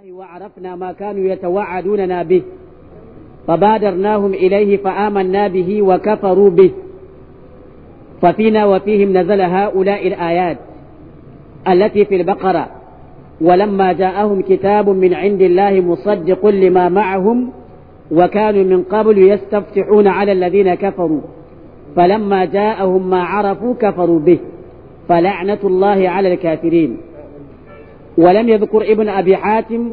الله وعرفنا ما كانوا يتوعدوننا به فبادرناهم إليه فآمنا به وكفروا به ففينا وفيهم نزل هؤلاء الآيات التي في البقرة ولما جاءهم كتاب من عند الله مصدق لما معهم وكانوا من قبل يستفتحون على الذين كفروا فلما جاءهم ما عرفوا كفروا به فلعنة الله على الكافرين ولم يذكر ابن أبي حاتم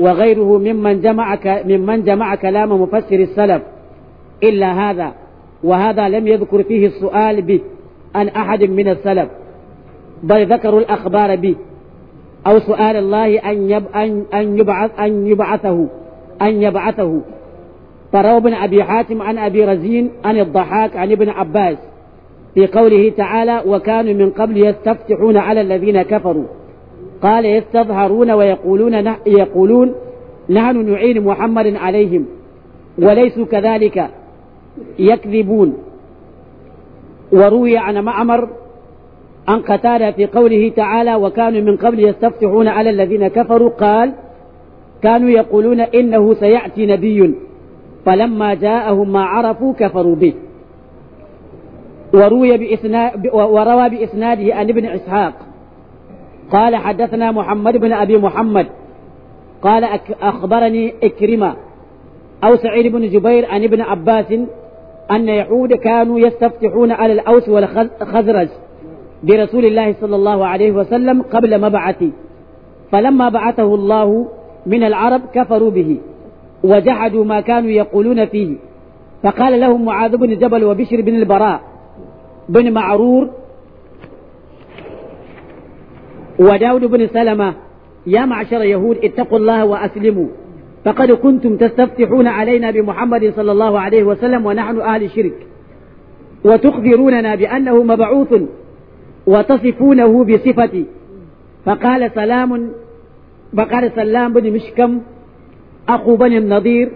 وغيره ممن جمع ممن جمع كلام مفسر السلف إلا هذا وهذا لم يذكر فيه السؤال به عن أحد من السلف بل ذكروا الأخبار به أو سؤال الله أن يب أن أن يبعث أن يبعثه أن يبعثه فروى ابن أبي حاتم عن أبي رزين عن الضحاك عن ابن عباس في قوله تعالى وكانوا من قبل يستفتحون على الذين كفروا قال يستظهرون ويقولون نح يقولون نحن نعين محمد عليهم وليسوا كذلك يكذبون وروي عن معمر عن قتادة في قوله تعالى وكانوا من قبل يستفتحون على الذين كفروا قال كانوا يقولون إنه سيأتي نبي فلما جاءهم ما عرفوا كفروا به وروي بإسناد وروى بإسناده عن ابن إسحاق قال حدثنا محمد بن أبي محمد قال أخبرني إكرمة أو سعيد بن جبير عن ابن عباس أن يعود كانوا يستفتحون على الأوس والخزرج برسول الله صلى الله عليه وسلم قبل مبعثه فلما بعثه الله من العرب كفروا به وجحدوا ما كانوا يقولون فيه فقال لهم معاذ بن جبل وبشر بن البراء بن معرور وداود بن سلمة يا معشر يهود اتقوا الله وأسلموا فقد كنتم تستفتحون علينا بمحمد صلى الله عليه وسلم ونحن أهل الشرك وتخبروننا بأنه مبعوث وتصفونه بصفتي فقال سلام فقال سلام بن مشكم أخو بني النضير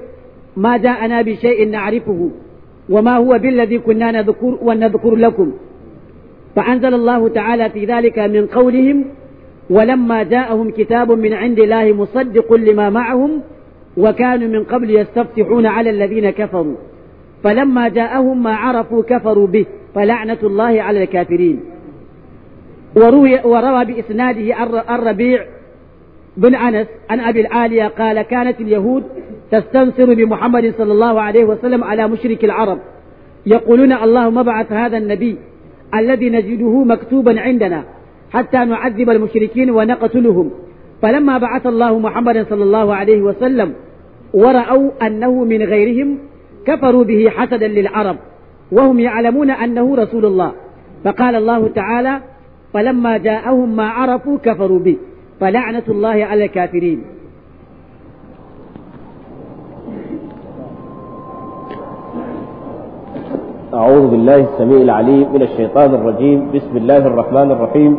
ما جاءنا بشيء نعرفه وما هو بالذي كنا نذكر ونذكر لكم فأنزل الله تعالى في ذلك من قولهم ولما جاءهم كتاب من عند الله مصدق لما معهم وكانوا من قبل يستفتحون على الذين كفروا فلما جاءهم ما عرفوا كفروا به فلعنة الله على الكافرين وروي وروى بإسناده الربيع بن أنس عن أبي العالية قال كانت اليهود تستنصر بمحمد صلى الله عليه وسلم على مشرك العرب يقولون اللهم ابعث هذا النبي الذي نجده مكتوبا عندنا حتى نعذب المشركين ونقتلهم فلما بعث الله محمدا صلى الله عليه وسلم ورأوا أنه من غيرهم كفروا به حسدا للعرب وهم يعلمون أنه رسول الله فقال الله تعالى فلما جاءهم ما عرفوا كفروا به فلعنة الله على الكافرين أعوذ بالله السميع العليم من الشيطان الرجيم بسم الله الرحمن الرحيم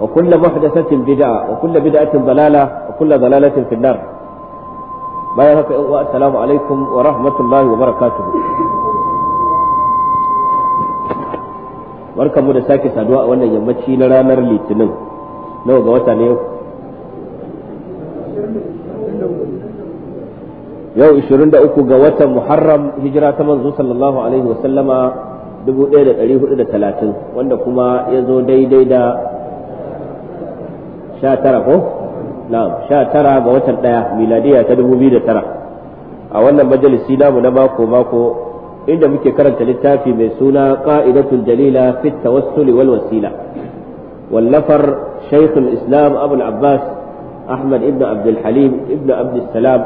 وكل محدثة بدعة وكل بدعة ضلالة وكل ضلالة في النار ما السلام عليكم ورحمة الله وبركاته barkan mu da sake saduwa a wannan yammaci na ranar litinin nawa ga wata ne yau yau 23 ga watan muharram hijira ta manzo sallallahu alaihi da talatin wanda kuma ya zo daidai da sha tara ko na'am sha tara ga watan ɗaya miladiya ta dubu da tara a wannan majalisi namu na mako mako inda muke karanta littafi mai suna ka'idatul dalila fi tawassuli wal wasila wallafar shaykhul islam abul abbas ahmad ibn abdul halim ibn abdul salam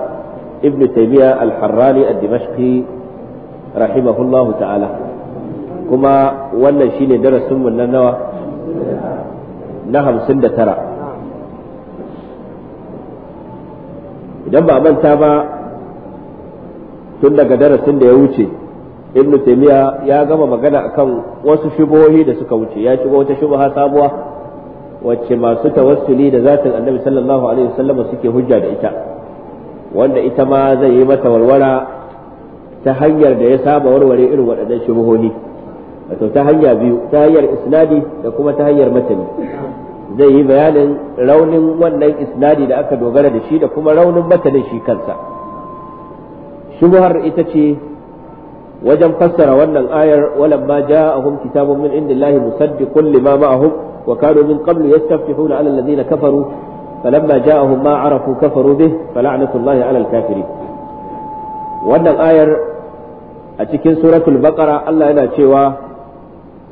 ibn taymiya al-harrani ad-dimashqi rahimahullahu ta'ala kuma wannan shine darasin mu na nawa na hamsin da tara idan ba manta ba tun daga darasin da ya wuce Ibn taymiya ya gama magana akan wasu shubohi da suka wuce ya shigo wata shubaha sabuwa wacce masu tawassuli da zatin annabi sallallahu alaihi wasallam suke hujja da ita wanda ita ma zai yi mata warwara ta hanyar da ya saba warware irin waɗannan shubohi wato ta hanya biyu ta hanyar isnadi da kuma ta hanyar matani zai yi bayanin raunin wannan isnadi da aka dogara da shi da kuma raunin matanin shi kansa shubhar ita ce wajen fassara wannan ayar walamma ja'ahum kitabun min indillahi musaddiqun lima ma'ahum wa kanu min qablu yastaftihuna 'ala alladhina kafaru falamma ja'ahum ma 'arafu kafaru bih fala'natullahi 'ala al wannan ayar a cikin suratul baqara Allah yana cewa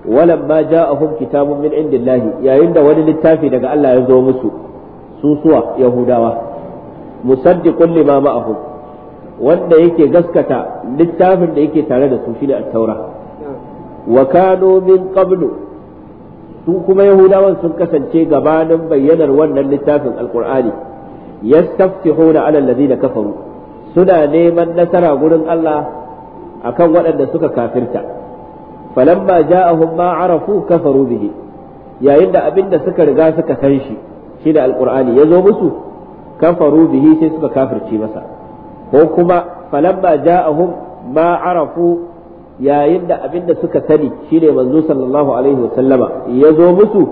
walamma ja'ahum kitabun min indillahi yayin da wani littafi daga Allah ya zo musu susuwa yahudawa musaddiqun lima ma'ahum wanda yake gaskata littafin da yake tare da su shine at-taura wa kanu min qablu su kuma yahudawan sun kasance gabanin bayyanar wannan littafin alqur'ani yastaftihuna ala alladhina kafaru suna neman nasara gurin Allah akan waɗanda suka kafirta falamma ja'ahum ma arafu kafaru bihi yayin da abin suka riga suka san shi shi da alqur'ani yazo musu kafaru bihi sai suka kafirce masa ko kuma falamma ja'ahum ma arafu yayin da abin suka sani shi ne manzo sallallahu alaihi wasallama yazo musu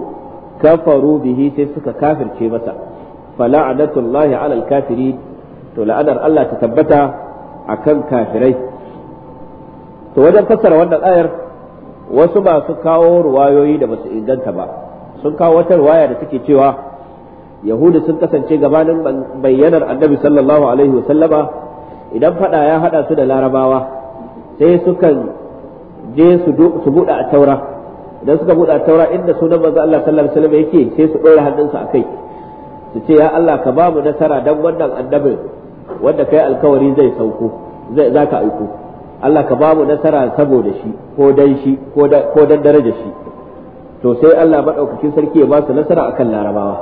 kafaru bihi sai suka kafirce masa fala'anatullahi alal kafirin to la'anar Allah ta tabbata akan kafirai to wajen fassara wannan ayar wasu ba su kawo ruwayoyi da basu inganta ba sun kawo wata ruwaya da suke cewa yahudu sun kasance gabanin bayyanar annabi sallallahu alaihi wasallama idan fada ya hada su da larabawa sai sukan je su buɗe a taura idan suka buɗe a taura inda sunan manzo Allah sallallahu alaihi wasallam yake sai su ɗora hannunsu a kai su ce ya Allah ka ba mu nasara dan wannan annabin wanda kai alkawari zai sauko zai zaka aiko Allah ka bamu nasara saboda shi ko dan shi ko dan daraja shi to sai Allah maɗaukakin sarki ya ba su nasara akan larabawa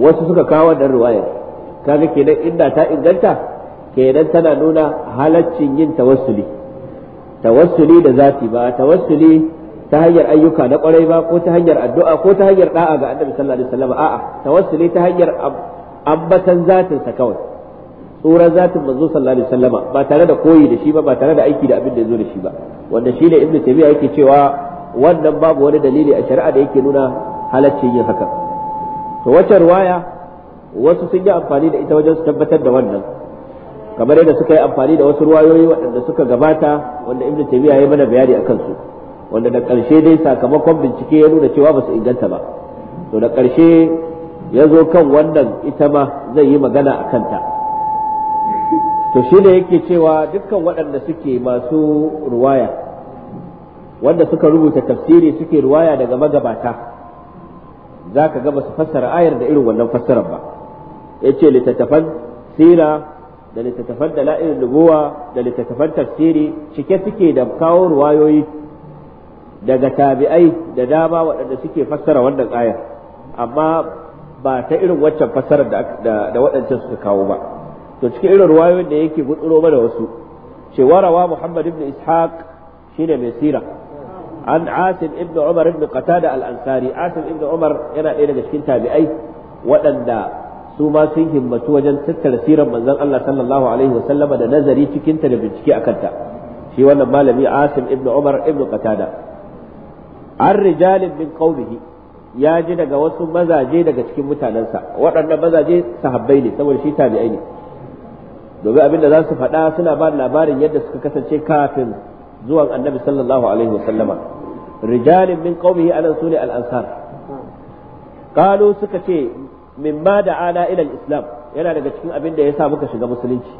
wasu suka kawo wannan ruwayar kaga kenan inda ta inganta kenan tana nuna halaccin yin tawassuli tawassuli da zati ba tawassuli ta hanyar ayyuka na kwarai ba ko ta hanyar addu'a ko ta hanyar da'a ga annabi sallallahu alaihi wasallam a'a tawassuli ta hanyar ambatan zatin sa kawai tsoron zatin manzo sallallahu alaihi wasallama ba tare da koyi da shi ba ba tare da aiki da abin da yazo da shi ba wanda shine ibnu tabi'a yake cewa wannan babu wani dalili a shari'a da yake nuna halaccin yin haka to wacce ruwaya wasu sun yi amfani da ita wajen su tabbatar da wannan kamar yadda suka yi amfani da wasu ruwayoyi waɗanda suka gabata wanda ibnu tabi'a ya mana bayani akan su wanda da ƙarshe dai sakamakon bincike ya nuna cewa ba su inganta ba to da ƙarshe ya zo kan wannan ita ma zai yi magana a kanta to shi ne yake cewa dukkan waɗanda suke masu ruwaya wanda suka rubuta tafsiri suke ruwaya daga magabata za ka gaba su fassara ayar da irin wannan fassarar ba ya ce littattafan sira da littattafan da la'irin lubuwa da littattafan tafsiri cike suke da kawo ruwayoyi daga tabi'ai da dama waɗanda suke fassara wannan ayar amma ba ta irin waccan fassarar da waɗancan suka kawo ba. to cikin irin ruwayoyin da yake gutsuro mana wasu ce warawa muhammad ibn ishaq shine mai sira an asim ibn umar ibn qatada al-ansari asim ibn umar yana ɗaya daga cikin tabi'ai waɗanda su ma sun himmatu wajen tattara sirar manzon Allah sallallahu alaihi wasallam da nazari cikin ta da bincike akan ta shi wannan malami asim ibn umar ibn qatada an rijalin min qaumihi ya ji daga wasu mazaje daga cikin mutanensa waɗannan mazaje sahabbai ne saboda shi tabi'ai ne domin abin da za su faɗa suna ba labarin yadda suka kasance kafin zuwan annabi sallallahu alaihi wasallama rijalin min qaumihi anan sune al ansar qalu suka ce da da'ana ila islam yana daga cikin abin da ya sa muka shiga musulunci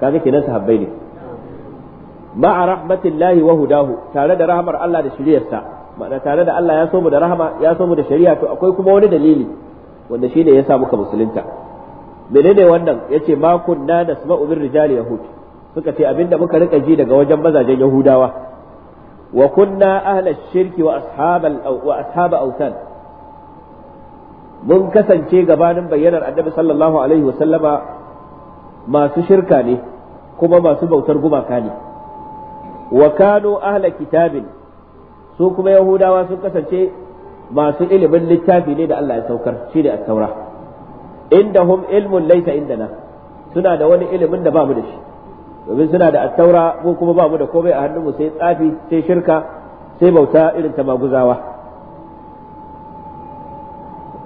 kaga kenan sahabbai ne ma'a rahmatillahi wa hudahu tare da rahmar Allah da shiriyarsa ma'ana tare da Allah ya so mu da ya so mu da shari'a to akwai kuma wani dalili wanda shine ya sa muka musulunta menene wannan yace ma kunna nasma'u ubin rijal yahud suka ce abinda muka rika ji daga wajen mazajen yahudawa wa kunna ahlal shirki wa ashabal wa ashab mun kasance gabanin bayyanar annabi sallallahu alaihi wa sallama masu shirka ne kuma masu bautar gumaka ne wa kanu ahla kitabin su kuma yahudawa sun kasance masu ilimin littafi ne da Allah ya saukar shi ne a taura indahum ilmun laysa indana suna da wani ilimin da bamu da shi domin suna da attaura ko kuma bamu da komai a hannunmu sai tsafi sai shirka sai bauta irin ta maguzawa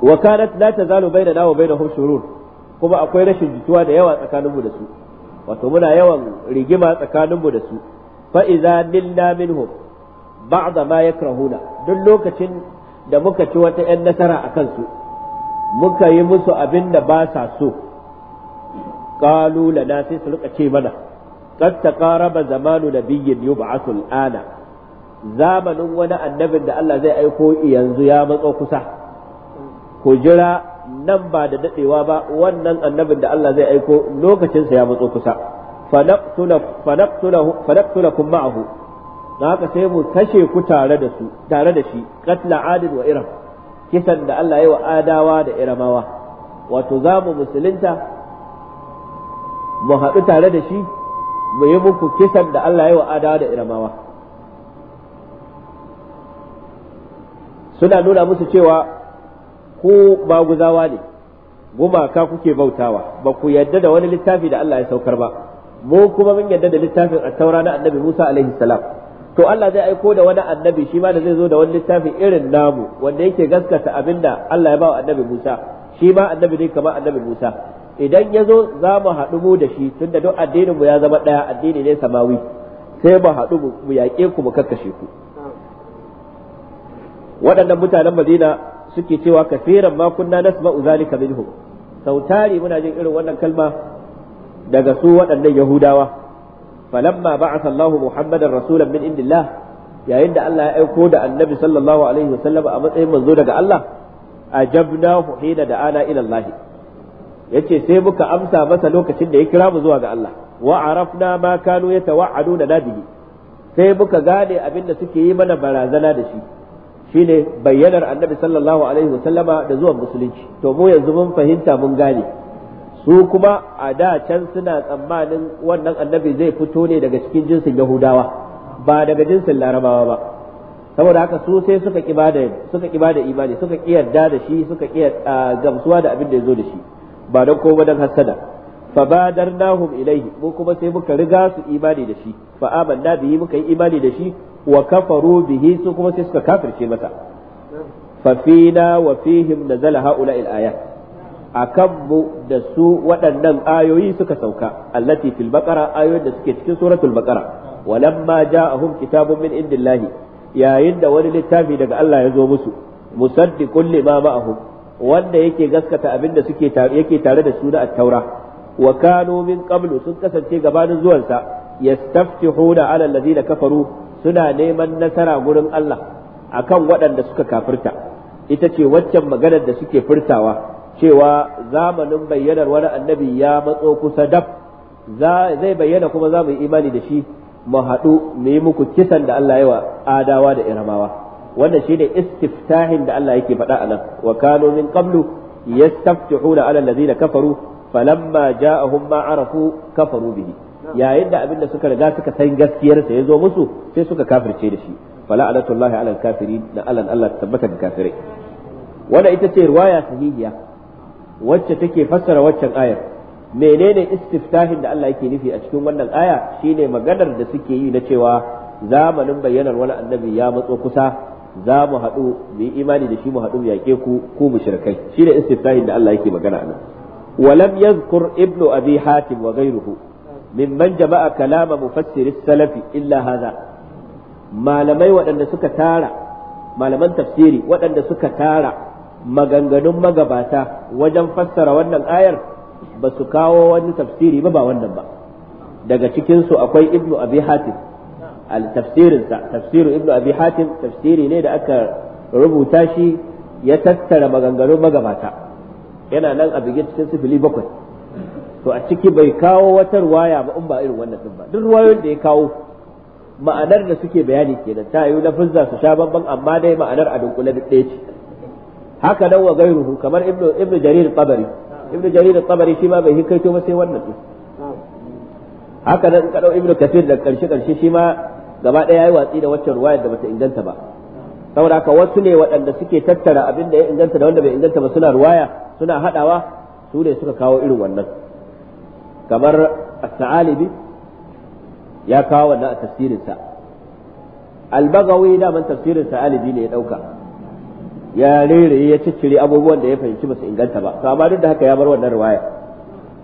wa kanat la tazalu bainana wa bainahum shurur kuma akwai rashin jituwa da yawa tsakaninmu da su wato muna yawan rigima tsakaninmu da su fa idza nilna minhum ba'da ma yakrahuna duk lokacin da muka ci wata 'yan nasara a kansu muka yi musu abin da ba sa so qalu lana sai su rika ce mana qad taqaraba zamanu nabiyyin yub'athu al'ana zamanin wani annabin da Allah zai aiko yanzu ya matso kusa ku jira nan ba da dadewa ba wannan annabin da Allah zai aiko lokacinsa ya matso kusa fanaqtulakum ma'ahu haka sai mu kashe ku tare da su tare da shi katla adin wa iram kisan da Allah ya wa adawa da iramawa wato za mu musulunta mu haɗu tare da shi mu yi muku kisan da Allah ya wa adawa da iramawa suna nuna musu cewa ku maguzawa ne gumaka kuke bautawa ba ku yadda da wani littafi da Allah ya saukar ba mu kuma mun yadda da littafin a taura na annabi Musa alaihi salam to Allah zai aiko da wani annabi shi ma da zai zo da wani littafi irin namu wanda yake gaskata da Allah ya ba wa annabi Musa shi ma annabi ne kamar annabi Musa idan ya zo za mu haɗu mu da shi tunda duk addininmu ya zama ɗaya addini ne samawi sai mu haɗu mu yaƙe ku mu kakkashe ku waɗannan mutanen Madina suke cewa kafiran ma kunna nasma'u zalika minhum sautari muna jin irin wannan kalma daga su waɗannan Yahudawa falamma ba'atha Allah Muhammadan rasulan min indillah yayin da Allah ya aiko da annabi sallallahu alaihi wasallam a matsayin manzo daga Allah ajabnahu hina da'ana ila yace sai muka amsa masa lokacin da ya kira mu zuwa ga Allah wa arafna ma kanu yatawa'aduna nabihi sai muka gane abin da suke yi mana barazana da shi shine bayyanar annabi sallallahu alaihi wasallama da zuwan musulunci to mu yanzu mun fahimta mun gane su kuma a da can suna tsammanin wannan annabi zai fito ne daga cikin jinsin yahudawa ba daga jinsin larabawa ba saboda haka su sai suka da suka da imani suka yarda da shi suka kiyar gamsuwa da abin da ya zo da shi ba don ko don hasada fa badarnahum Ilaihi mu kuma sai muka riga su imani da shi fa amanna bihi muka yi imani da shi wa kafaru bihi su kuma sai suka kafirce masa fa fina wa fihim nazala haula al ayat a mu da su waɗannan ayoyi suka sauka allati fil baqara ayoyin da suke cikin suratul baqara walamma ja'ahum kitabun min indillahi yayin da wani littafi daga Allah ya zo musu musaddiqun lima ma'ahum wanda yake gaskata abin da suke yake tare da su na at-taura wa kanu min qablu sun kasance gabanin zuwansa yastaftihuna 'ala alladhina kafaru suna neman nasara gurin Allah akan waɗanda suka kafirta ita ce waccan maganar da suke furtawa cewa zamanin bayyanar wani annabi ya matso kusa dab zai bayyana kuma za mu yi imani da shi mu haɗu mu yi muku kisan da Allah yawa adawa da iramawa wannan shi ne istiftahin da Allah yake faɗa anan wa kanu min qablu yastaftihuna ala allazina kafaru falamma ja'ahum ma arafu kafaru bihi yayin da abinda suka riga suka san gaskiyar sa yazo musu sai suka kafirce da shi fala'anatullahi ala alkafirin da Allah Allah tabbata ga kafirai wannan ita ce riwaya sahihiya wacce take fassara waccan ayar menene istiftahin da Allah yake nufi a cikin wannan aya shine maganar da suke yi na cewa zamanin bayyanar wani annabi ya matso kusa za mu haɗu mu yi imani da shi mu haɗu mu yaƙe ku ku mushrikai shine istiftahin da Allah yake magana anan ولم يذكر ابن أبي حاتم وغيره ممن جمع كلام مفسر salafi illa هذا Malamai waɗanda suka tara, malaman tafsiri waɗanda suka tara maganganun magabata wajen fassara wannan ayar ba su kawo wani tafsiri ba ba wannan ba daga cikinsu akwai ibnu abi hatim tafsirinsa tafsirin ibnu abi hatim tafsiri ne da aka rubuta shi ya tattara maganganun magabata yana nan a bige cikin sifili bakwai to a ciki bai kawo wata ruwaya ba in ba irin wannan din ba duk ruwayoyin da ya kawo ma'anar da suke bayani kenan ta yi lafizza su sha bambam amma dai ma'anar a dunkule duk ɗaya ce haka nan wa gairuhu kamar ibnu ibnu jarir tabari ibnu jarir tabari shi ma bai hikaito ba sai wannan din haka nan ka dau ibnu kathir da karshe karshe shi ma gaba daya yayi watsi da waccan ruwayar da bata inganta ba saboda haka wasu ne waɗanda suke tattara abin da ya inganta da wanda bai inganta ba suna ruwaya suna hadawa su ne suka kawo irin wannan kamar as-sa'alibi ya kawo wannan a tafsirinsa al-bagawi da man tafsirin sa'alibi ne ya dauka ya rere ya ciccire abubuwan da ya fahimci basu inganta ba to amma duk da haka ya bar wannan riwaya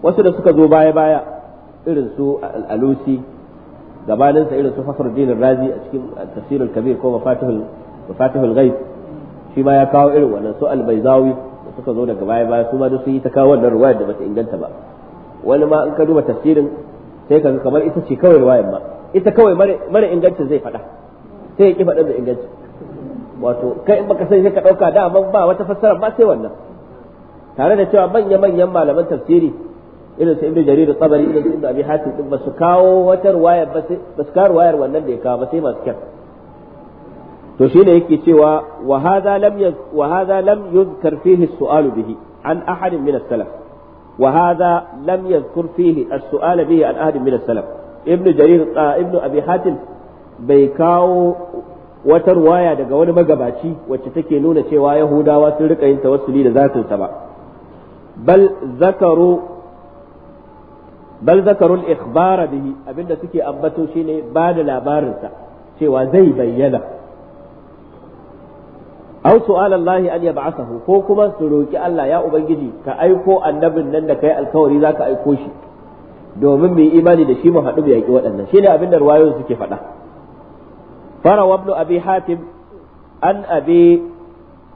wasu da suka zo baya baya irin su al-alusi gabanin sa irin su fakhruddin razi a cikin tafsirul kabir ko mafatihul mafatihul ghaib shi ma ya kawo irin wannan su al da suka zo daga baya baya su ma duk sun yi ta kawo wannan riwaya da bata inganta ba wani ma in ka duba tafsirin sai kaga kamar ita ce kawai riwayar ma ita kawai mara ingancin zai faɗa sai ya ki faɗa da ingancin wato kai in baka san sai ka dauka da ba wata fassara ba sai wannan tare da cewa manya manyan malaman tafsiri irin su ibnu jarir tabari irin su ibnu abi hatim din basu kawo wata ruwaya ba sai basu kawo ruwayar wannan da ya kawo ba sai masu kyau to shi ne yake cewa wa hadha lam wa hadha lam yuzkar fihi as-su'alu bihi an ahad min as-salaf wa hadha lam yuzkar fihi as-su'al bihi an ahad min as-salaf ibnu jarir ah, ibnu abi hatim bai kawo wata ruwaya daga wani magabaci wacce take nuna cewa yahudawa sun rika yin tawassuli da zatinsa ba bal zakaru bal zakaru al-ikhbara bihi abinda suke ambato shine ba da labarinsa cewa zai bayyana aw su'ala Allah an yab'athahu ko kuma su roki Allah ya ubangiji ka aiko annabin nan da kai alkawari zaka aiko shi domin mu imani da shi mu haɗu mu yaƙi waɗannan shine abinda ruwayoyin suke faɗa فروى ابن أبي حاتم أن أبي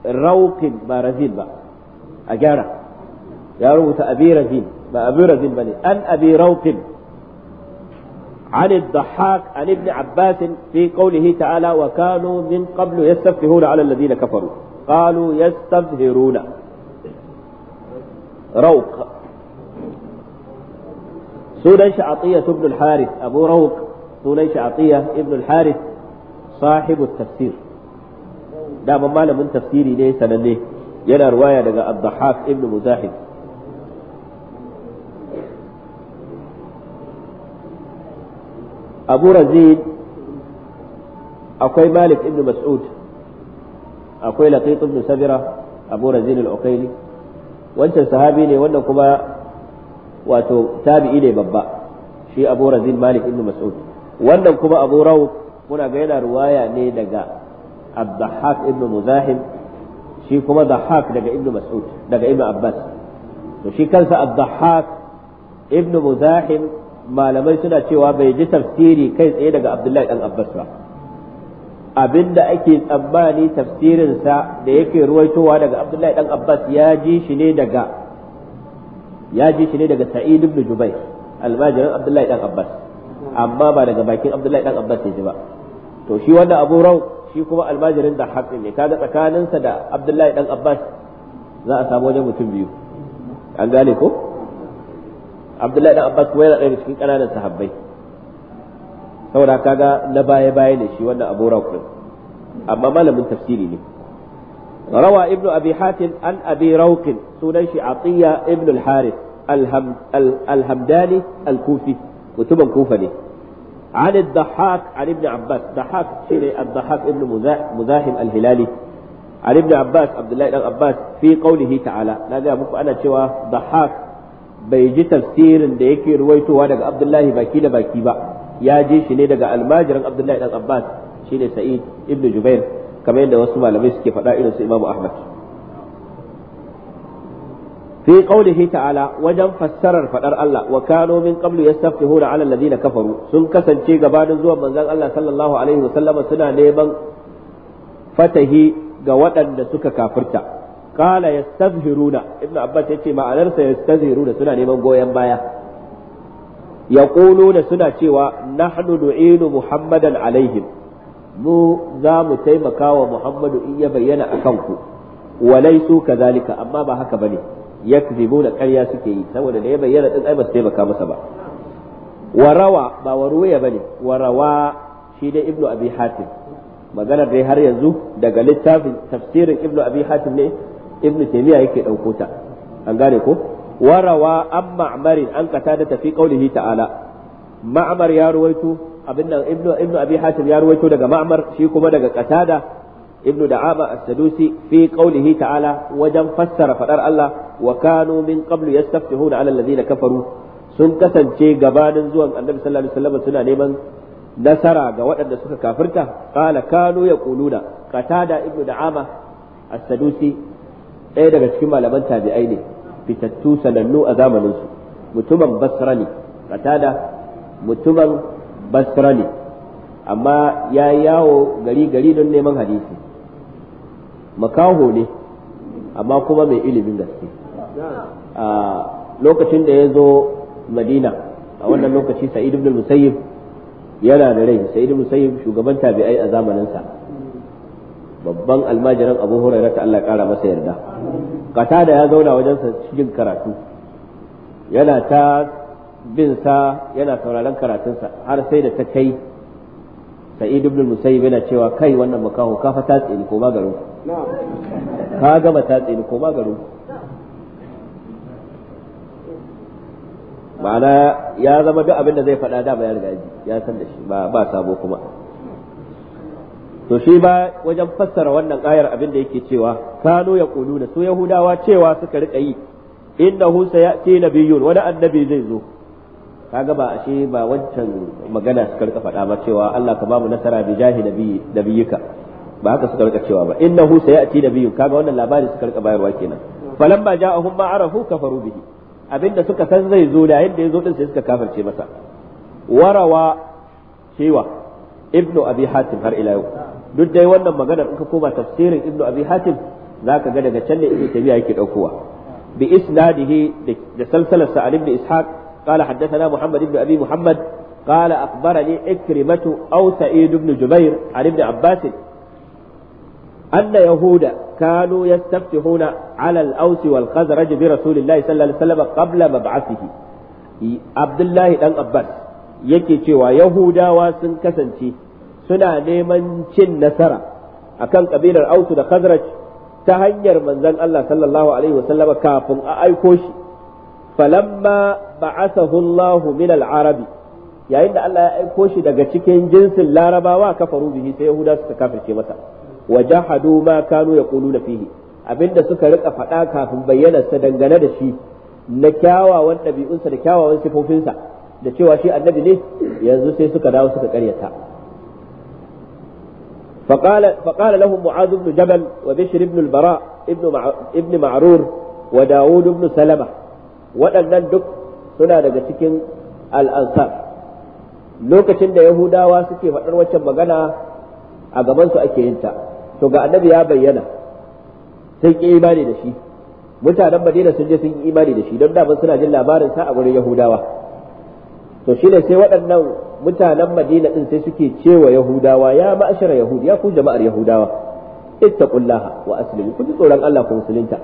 روق بارزين بقى أجارة يا روت أبي رزين با أبي رزين بني أن أبي روق عن الضحاك عن ابن عباس في قوله تعالى وكانوا من قبل يستفتهون على الذين كفروا قالوا يستظهرون روق سوليش عطية بن الحارث أبو روق سوليش عطية ابن الحارث sahibu tafsir dama malamin tafsiri ne sananne yana ruwaya daga abdahaf ibn muzahid abu razid akwai malik ibn mas'ud akwai laqit ibn sabira abu razid al-uqayli wancan sahabi ne wannan kuma wato tabi'i ne babba shi abu razid malik ibn mas'ud wannan kuma abu muna ga yana ruwaya ne daga abdahak ibn muzahim shi kuma dahak daga ibn mas'ud daga ibn abbas to shi kansa abdahak ibn muzahim malamai suna cewa bai ji tafsiri kai tsaye daga abdullahi dan abbas ba abinda ake tsammani tafsirinsa da yake ruwaitowa daga abdullahi dan abbas ya ji shi ne daga ya ji shi ne daga sa'id ibn jubair almajirin abdullahi dan abbas amma ba daga bakin abdullahi dan abbas ya ji ba to shi wannan abu rau shi kuma almajirin da haƙin ne kaga tsakaninsa da abdullahi dan abbas za a samu wajen mutum biyu an gane ko abdullahi dan abbas kuma yana ɗaya cikin kananan sahabbai saboda kaga na baya baya ne shi wannan abu rau din amma malamin tafsiri ne روى ابن أبي حاتم عن أبي روق سنيش عطية ابن الحارث الهم الهمداني الكوفي وتبن كوفني عن الضحاك عن ابن عباس ضحاك شيء الضحاك ابن مزاحم الهلالي عن ابن عباس عبد الله بن عباس في قوله تعالى لا ga muku ana cewa ضحاك bai ji tafsirin da yake ruwaitowa daga Abdullahi baki da baki ba ya je shi ne daga almajiran Abdullahi dan Abbas shine Sa'id ibn Jubair kamar yadda wasu malamai suke faɗa irin su imamu Ahmad fi qaulihi ta'ala wajen fassarar fadar Allah wa kanu min qablu yastafihuna 'ala alladhina kafaru sun kasance gabanin zuwan manzon Allah sallallahu alaihi sallama suna neman fatahi ga waɗanda suka kafirta qala yastazhiruna ibnu abbas yace ma'anarsa yastazhiruna suna neman goyen baya da suna cewa nahnu nu'inu muhammadan alaihi mu za mu taimaka wa muhammadu in ya bayyana akan ku walaisu kazalika amma ba haka bane da ƙarya suke yi saboda da ya bayyana din ai ba su taimaka masa ba warawa ba wa ruwaya bane warawa shi dai ibnu abi hatim maganar dai har yanzu daga littafin tafsirin ibnu abi hatim ne ibnu taymiya yake dauko ta an gane ko warawa an ma'marin an kata da tafi qaulihi ta'ala ma'mar ya ruwaito abin ibnu ibnu abi hatim ya ruwaito daga ma'mar shi kuma daga qatada ibn da'ama as-sadusi fi qawlihi ta'ala wajen fassara faɗar Allah wa kanu min qablu yastaftihuna 'ala kafaru sun kasance gabanin zuwan annabi sallallahu alaihi wasallam suna neman nasara ga waɗanda suka kafirta qala kanu yaquluna qatada Katada da'ama as-sadusi ɗaya daga cikin malaman tabi'ai ne fitattu sanannu a zamanin su mutumin basra ne qatada mutumin basra ne amma ya yawo gari gari don neman hadisi makaho ne amma kuma mai ilimin gaske a lokacin da ya zo madina a wannan lokaci sa'id ibn musayyib yana da rai sa'id ibn musayyib shugaban tabi'ai a zamanin sa babban almajiran abu hurairah ta Allah kara masa yarda kata da ya zauna wajen sa cikin karatu yana ta bin sa yana sauraron sa har sai da ta kai sa'id ibn musayyib yana cewa kai wannan makaho ka fata tsini ko ba garin ka gama ta tsini ko ma garo ma'ana ya zama duk abin da zai faɗa da ya riga ya san da shi ba sabo kuma to shi ba wajen fassara wannan ayar abin da yake cewa kano ya kulu da su yahudawa cewa suka rika yi sa ya'ti nabiyyun wani annabi zai zo kaga ba ashe ba wancan magana suka rika faɗa ba cewa Allah ka bamu nasara bi jahi nabiyyika ba haka suka rika cewa ba innahu sayati nabiyyun kaga wannan labari suka rika bayarwa kenan falamma ja'ahum ma arafu kafaru bihi abinda suka san zai zo da yadda ya zo din sai suka kafirce masa warawa cewa ibnu abi hatim har ila yau duk dai wannan maganar in ka koma tafsirin ibnu abi hatim zaka ga daga can ne ibnu tabiya yake daukowa bi isnadihi da salsalar sa ibn ishaq qala haddathana muhammad ibn abi muhammad qala akhbarani ikrimatu aw sa'id ibn jubair an ibn anna yahuda kanu yastaftihuna ala al-aus wal khazraj bi rasulillahi sallallahu alaihi wasallam qabla mab'athihi abdullahi dan abbas yake cewa yahudawa sun kasance suna neman cin nasara akan ƙabilar ausu da khazraj ta hanyar manzon Allah sallallahu alaihi wasallam kafin a aiko shi falamma ba'athahu Allah arabi yayin da Allah ya aiko shi daga cikin jinsin larabawa kafaru bihi sai yahuda suka kafirce masa wa jahadu ya kulu na fihi abinda suka rika faɗa kafin bayyana sa dangane da shi na kyawawan ɗabi'unsa da kyawawan sifofinsa da cewa shi annabi ne yanzu sai suka dawo suka karyata فقال فقال لهم معاذ بن جبل وبشر بن البراء ابن ابن معرور وداود بن سلمة waɗannan duk suna daga cikin al'ansar lokacin da yahudawa suke faɗar waccan magana a gabansu ake yinta to ga annabi ya bayyana sun ki imani da shi mutanen madina sun je sun yi imani da shi don da suna jin labarin sa a gurin yahudawa to shi ne sai waɗannan mutanen madina din sai suke cewa yahudawa ya ma'ashara yahudi ya ku jama'ar yahudawa ittaqullaha wa aslimu ku ji tsoron Allah ku musulunta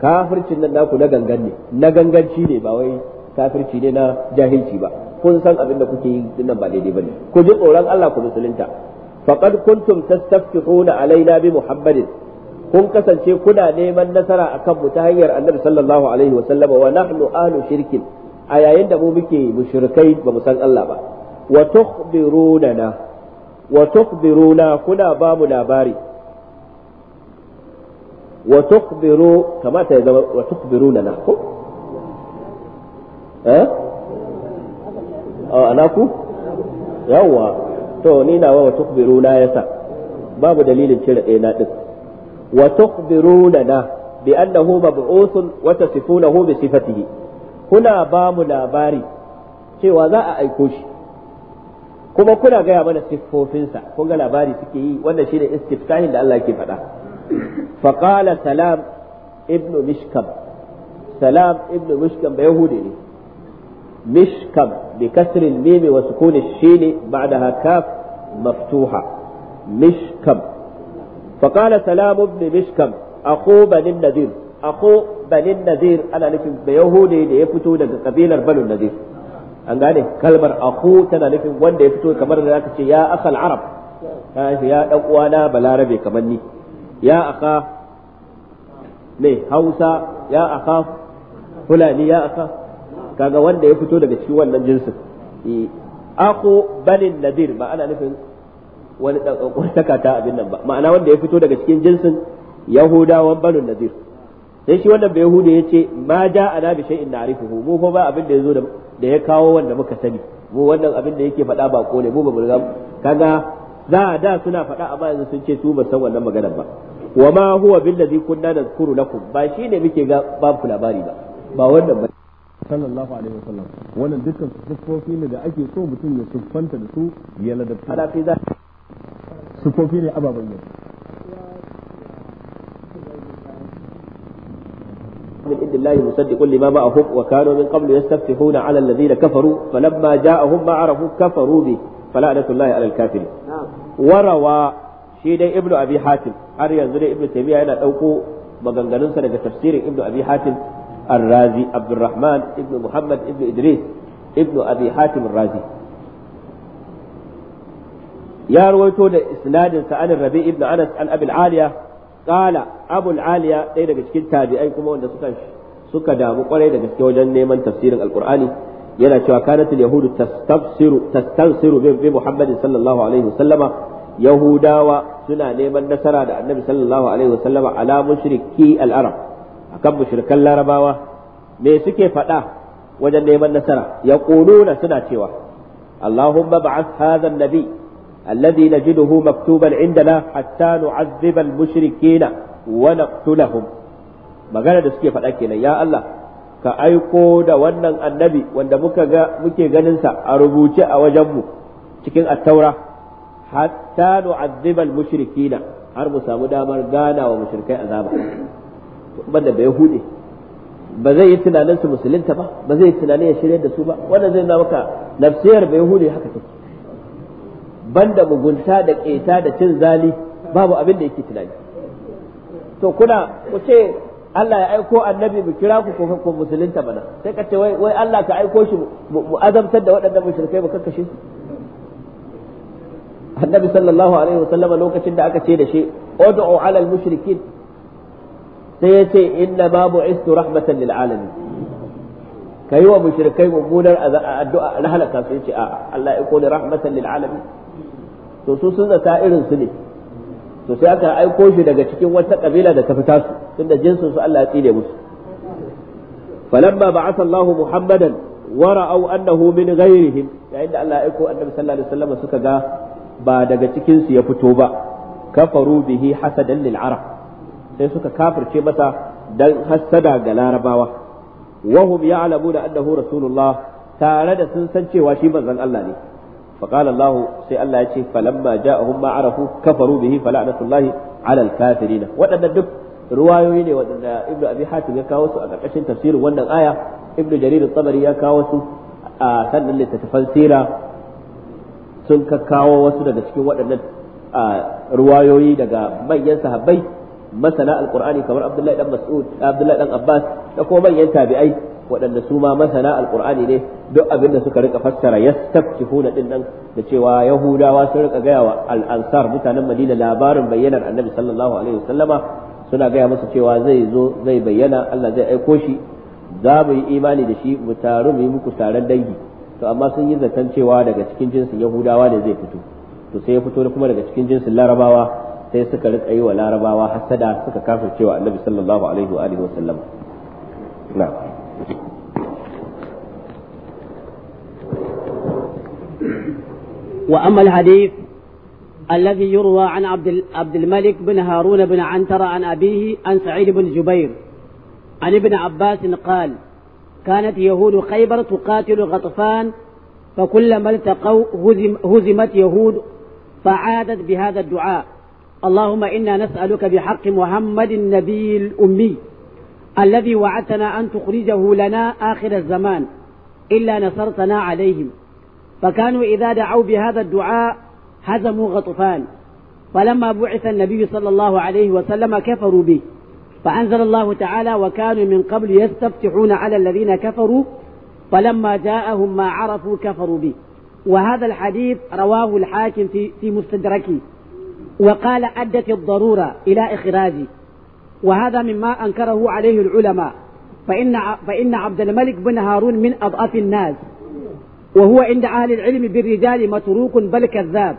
kafircin nan naku na gangan ne na ganganci ne ba wai kafirci ne na jahilci ba kun san abin da kuke yi nan ba daidai bane ku ji tsoron Allah ku musulunta faqad kuntum tastaftihuna alaina bi muhammadin kun kasance kuna neman nasara akan mu ta hanyar annabi sallallahu alaihi wa sallama shirkin a yayin da mu muke mushrikai bamu san Allah ba wa tukhbiruna wa tukhbiruna kuna labari kamata ya zama na to ni na wa tukhbiruna yasa babu dalilin cire ɗaya na din wa tukhbiruna na bi annahu mab'uthun wa tasifunahu bi sifatihi kuna ba mu labari cewa za a aiko shi kuma kuna gaya mana siffofinsa kun ga labari suke yi wannan shine istiftahin da Allah yake faɗa fa qala salam ibnu mishkam salam ibnu mishkam ba yahudi ne mishkam بكسر الميم وسكون الشين بعدها كاف مفتوحة مشكم فقال سلام بن مشكم أخو بني النذير أخو بني النذير أنا نفهم بيهودي da ya fito daga kabilar banu nadir an gane kalmar aku tana nufin wanda ya fito kamar da zaka ce ya asal arab ya dan uwana balarabe kamar ni ya aka ne hausa ya aka fulani ya aka kaga wanda ya fito daga cikin wannan jinsin eh, aku banin nadir ba ana nufin wani ɗaukaka ta abin nan ba ma'ana wanda ya fito daga cikin jinsin yahudawan banin nadir sai shi wannan bai yahuda ya ce ma ja ana bi shay'in na'rifuhu mu Ko ba abin da yazo da ya kawo wanda muka sani mu wannan abin da yake faɗa ba ko ne mu ba mu riga kaga za a da suna faɗa amma yanzu sun ce su ba san wannan maganar ba wa ma huwa billazi kunna nadhkuru lakum ba shine muke ga babu labari ba ba wannan ba sallallahu alaihi wasallam wannan dukkan siffofi ne da ake so mutum ya siffanta da su ya ladabta ala fi za siffofi ne ababen yau من عند الله مصدق لما معهم وكانوا من قبل يستفتحون على الذين كفروا فلما جاءهم ما عرفوا كفروا به فلعنة الله على الكافرين وروى شيء ابن أبي حاتم har yanzu dai ibnu taymiya yana ɗauko maganganunsa daga tafsirin ibnu abi hatim الرازي عبد الرحمن ابن محمد ابن إدريس ابن أبي حاتم الرازي يا رويتو ده إسناد سأل الربيع ابن أنس عن أبي العالية قال أبو العالية daga cikin tabi'ai kuma wanda suka damu kwarai da gaske wajen neman tafsirin al'kur'ani yana cewa kanat yahudu tastafsiru tastansiru bi muhammadin sallallahu yahudawa suna neman nasara da annabi sallallahu alaihi wasallama ala mushriki al-arab akan mushrikan larabawa me suke faɗa wajen neman nasara ya yaquluna suna cewa allahumma ba'ath hadha nabi alladhi najiduhu maktuban indana hatta nu'azziba al-mushrikeena wa naqtulahum magana da suke faɗa kenan ya Allah ka aiko da wannan annabi wanda muka ga muke ganin sa a rubuce a wajenmu cikin attaura taura hatta nu'azziba al-mushrikeena har mu samu damar gana wa mushrikai azaba banda da yahudi ba zai yi tunanin su musulunta ba ba zai yi tunanin ya shirya da su ba wannan zai na maka nafsiyar ba yahudi haka take banda mugunta da keta da cin zali babu abin da yake tunani to kuna ku ce Allah ya aiko annabi mu kira ku ko musulunta bana sai ka ce wai Allah ka aiko shi mu azamtar da waɗannan mushrikai mu kakkashe su annabi sallallahu alaihi wasallam lokacin da aka ce da shi ud'u alal mushrikin sai ya ce inna ma bu'istu rahmatan lil alamin kai wa mushrikai mummunar addu'a na halaka su yace a'a Allah ya kone rahmatan lil alamin to su sun zata irin su ne to sai aka aiko shi daga cikin wata kabila da ta fita su tunda jinsin su Allah ya tsire musu falamma ba'atha Allah Muhammadan wa ra'aw annahu min ghayrihim yayin da Allah ya aiko Annabi sallallahu alaihi wasallam suka ga ba daga cikin su ya fito ba kafaru bihi hasadan lil arab sai suka kafirce masa dan hassada ga larabawa wahum da annahu rasulullah tare da sun san cewa shi manzon Allah ne فقال sai allah ya ce فلما جاءهم ما عرفوا كفروا به فلعنة الله على الكافرين وأن duk رواية ne waɗanda ibnu Abi Hatim ya kawo su a ƙarƙashin tafsirin wannan aya ibnu Jarir al-Tabari ya kawo su a sannan littattafan sira sun kakkawo wasu daga cikin waɗannan ruwayoyi daga manyan sahabbai masana alqur'ani kamar abdullahi dan mas'ud abdullahi dan abbas da kuma manyan tabi'ai waɗanda su ma masana alqur'ani ne duk abin da suka rika fassara yastaftihuna din nan da cewa yahudawa sun rika gaya wa al-ansar mutanen madina labarin bayyanar annabi sallallahu alaihi wasallama suna gaya masa cewa zai zo zai bayyana Allah zai aiko shi za mu yi imani da shi mu taru mu yi muku taron dangi to amma sun yi zaton cewa daga cikin jinsin yahudawa ne zai fito to sai ya fito kuma daga cikin jinsin larabawa sai suka rika yi wa larabawa hasada suka cewa annabi sallallahu alaihi wa alihi wa sallama na وأما الحديث الذي يروى عن عبد عبد الملك بن هارون بن عنترة عن أبيه عن سعيد بن جبير عن ابن عباس قال كانت يهود خيبر تقاتل غطفان فكلما التقوا هزم هزمت يهود فعادت بهذا الدعاء اللهم إنا نسألك بحق محمد النبي الأمي الذي وعدتنا أن تخرجه لنا آخر الزمان إلا نصرتنا عليهم فكانوا إذا دعوا بهذا الدعاء هزموا غطفان فلما بعث النبي صلى الله عليه وسلم كفروا به فأنزل الله تعالى وكانوا من قبل يستفتحون على الذين كفروا فلما جاءهم ما عرفوا كفروا به وهذا الحديث رواه الحاكم في, في مستدركه وقال أدت الضرورة إلى إخراجه وهذا مما أنكره عليه العلماء فإن فإن عبد الملك بن هارون من أضعف الناس وهو عند أهل العلم بالرجال متروك بل كذاب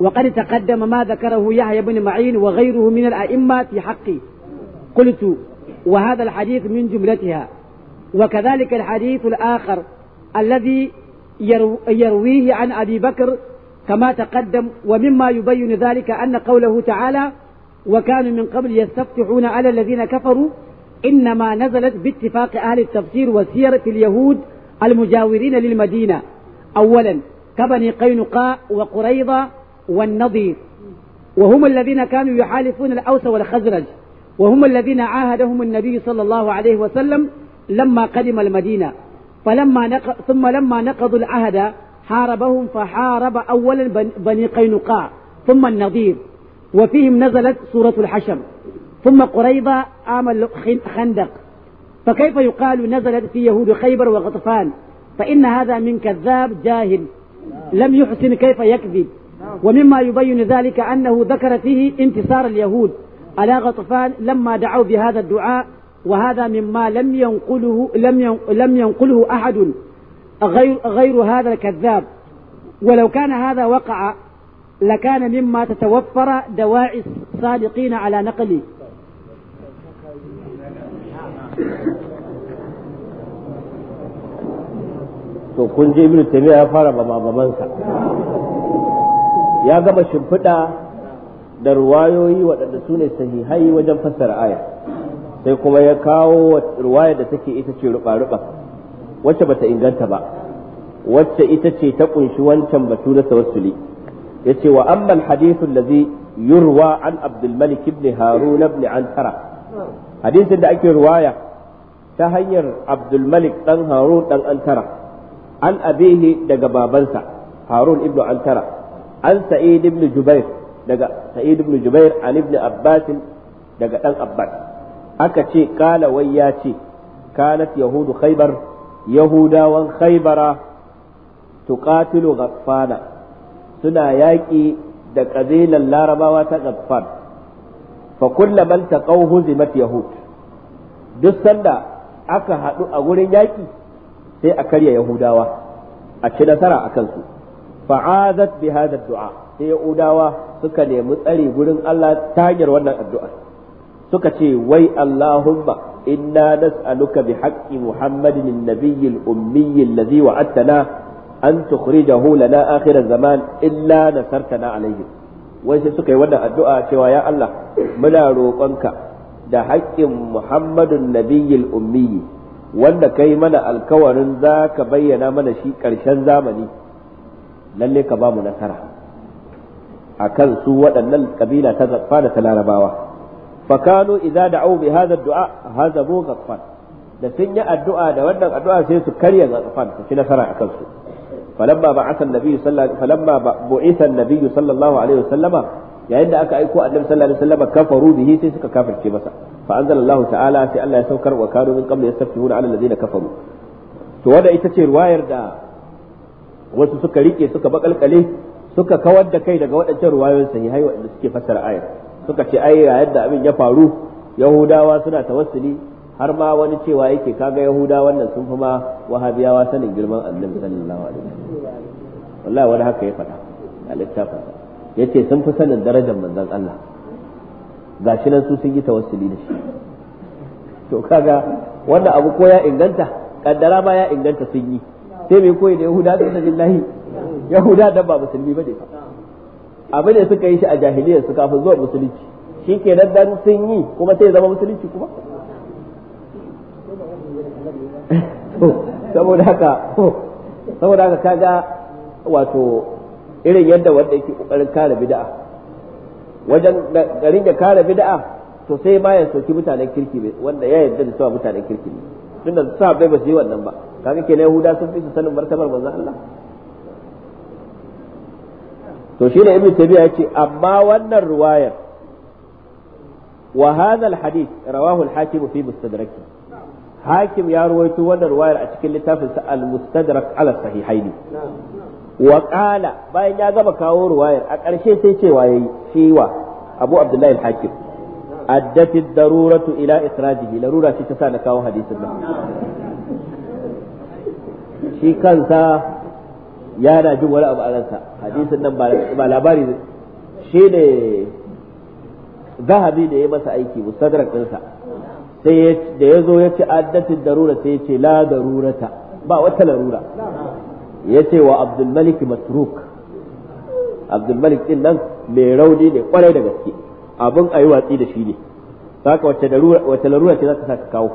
وقد تقدم ما ذكره يحيى بن معين وغيره من الأئمة في حقه قلت وهذا الحديث من جملتها وكذلك الحديث الآخر الذي يرويه عن أبي بكر كما تقدم ومما يبين ذلك أن قوله تعالى وكانوا من قبل يستفتحون على الذين كفروا إنما نزلت باتفاق أهل التفسير وسيرة اليهود المجاورين للمدينة أولا كبني قينقاع وقريضة والنضير وهم الذين كانوا يحالفون الأوس والخزرج وهم الذين عاهدهم النبي صلى الله عليه وسلم لما قدم المدينة فلما نق... ثم لما نقضوا العهد حاربهم فحارب أولا بني قينقاع ثم النضير وفيهم نزلت سورة الحشم ثم قريضة عام خندق فكيف يقال نزلت في يهود خيبر وغطفان فإن هذا من كذاب جاهل لم يحسن كيف يكذب ومما يبين ذلك أنه ذكر فيه انتصار اليهود على غطفان لما دعوا بهذا الدعاء وهذا مما لم ينقله لم لم ينقله أحد غير, غير هذا الكذاب ولو كان هذا وقع لكان مما تتوفر دواعي الصادقين على نقله to kun ji ibnu taymiya ya fara bababansa ya gama shimfiɗa da ruwayoyi waɗanda su ne sahihai wajen fassara aya sai kuma ya kawo ruwaya da take ita ce ruɓa-ruɓa wacce bata inganta ba wacce ita ce ta kunshi wancan batu na tawassuli yace wa amma alhadithu allazi yurwa an abdul malik ibn harun ibn antara hadisin da ake ruwaya ta hanyar abdul malik dan harun dan antara an abihi daga babansa harun ibn antara an sa'id ibn jubair daga sa'id ibn jubair an ibn abbas daga dan abbas aka ce kala wai ya ce kanat yahudu khaybar yahudawan khaybara tuqatilu ghaffana suna yaƙi da ƙabilar larabawa ta ghaffan fa kullaman taqawhu zimat yahud duk sanda aka haɗu a gurin yaƙi sai a karya yahudawa a ci nasara a kansu fa'azat bi hada du'a sai yahudawa suka nemi tsari gurin Allah ta hanyar wannan addu'a suka ce wai Allahumma na إنا نسألك بحق محمد النبي الأمي الذي وعدتنا أن تخرجه لنا آخر الزمان إلا نصرتنا na wai sai suka yi wannan addu'a cewa ya Allah muna roƙonka da haƙƙin Muhammadun nabiyyil ummi wanda kai mana alkawarin za ka bayyana mana shi karshen zamani lalle ka bamu nasara a kan su waɗannan kabila ta fada ta larabawa fakanu idza da'u bi hadha ad-du'a hazabu ghaffan da sun yi addu'a da wannan addu'a sai su karya ghaffan su ci nasara akan su falamma ba'atha an-nabi sallallahu falamma sallallahu alaihi wasallama yayin da aka aiko annabi sallallahu alaihi wasallama kafaru bihi sai suka kafirce masa fa anzalallahu ta'ala sai Allah ya saukar wa kanu min qabli yastafihuna 'ala alladhina kafaru to wanda ita ce ruwayar da wasu suka rike suka bakalkale suka kawar da kai daga waɗancan ruwayoyin sahihai waɗanda suke fassara ayar suka ce ai ga yadda abin ya faru yahudawa suna tawassuli har ma wani cewa yake kaga yahuda wannan sun fi ma wahabiyawa sanin girman annabi sallallahu alaihi wasallam wallahi wani haka ya faɗa a littafin yace sun fi sanin darajar manzon Allah gashi nan su sun yi tawassuli da shi to kaga wanda abu ko ya inganta kaddara ma ya inganta sun yi sai mai koyi da yahuda da billahi yahudawa da ba musulmi ba fa Abin da suka yi shi a jahiliyar su kafin zuwa musulunci shi ke nan dan sun yi kuma sai zama musulunci kuma oh, saboda haka oh, saboda haka kaga wato irin yadda wanda yake kokarin kare bid'a wajen garin da kare bid'a to sai ma ya soki mutanen kirki wanda ya yarda da cewa mutanen kirki ne tunda sahabbai ba su yi wannan ba kaga kenan yahuda sun fi su sanin martabar manzon Allah to shi ne ibn tabiya ce amma wannan ruwayar wa hadha alhadith rawahu alhakim fi mustadrak hakim ya ruwaito wannan ruwayar a cikin littafin sa almustadrak ala sahihain wa qala bayan ya gama kawo ruwayar a ƙarshe sai cewa yayi shi wa abu abdullahi alhakim أدت الضرورة إلى إخراجه لرورة تسالك أو حديث الله shi kansa. ya na jin wani abu a ransa hadisin nan ba labari ne shi ne zahabi da ya masa aiki mustadrak ɗinsa sai da ya zo ya ce addatin darura sai ya ce la darurata ba wata larura ya ce wa abdulmalik matruk abdulmalik din nan mai rauni ne kwarai da gaske abin a yi watsi da shi ne saka wace larura ce za ka saka kawo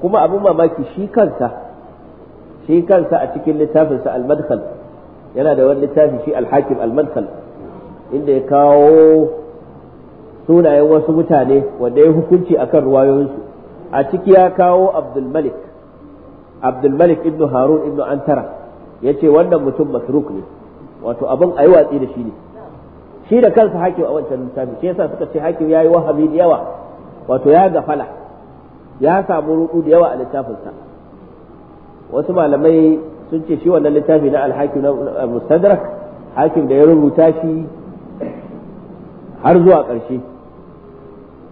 kuma abin mamaki shi kansa shi kansa a cikin littafinsa al-madkhal yana da wani littafi shi alhakin hakim inda ya kawo sunayen wasu mutane wanda ya hukunci akan ruwayoyinsu a ciki ya kawo abdulmalik abdulmalik ibnu harun ibnu antara ce wannan mutum masruk ne wato abin yi watsi da shi ne shi da kansa hakim a wancan littafi shi yasa suka ce hakim yayi wahabi da yawa wato ya gafala ya samu rudu da yawa a littafinsa wasu malamai sun ce shi wannan littafi na alhakim na mustadrak hakim da ya rubuta shi har zuwa ƙarshe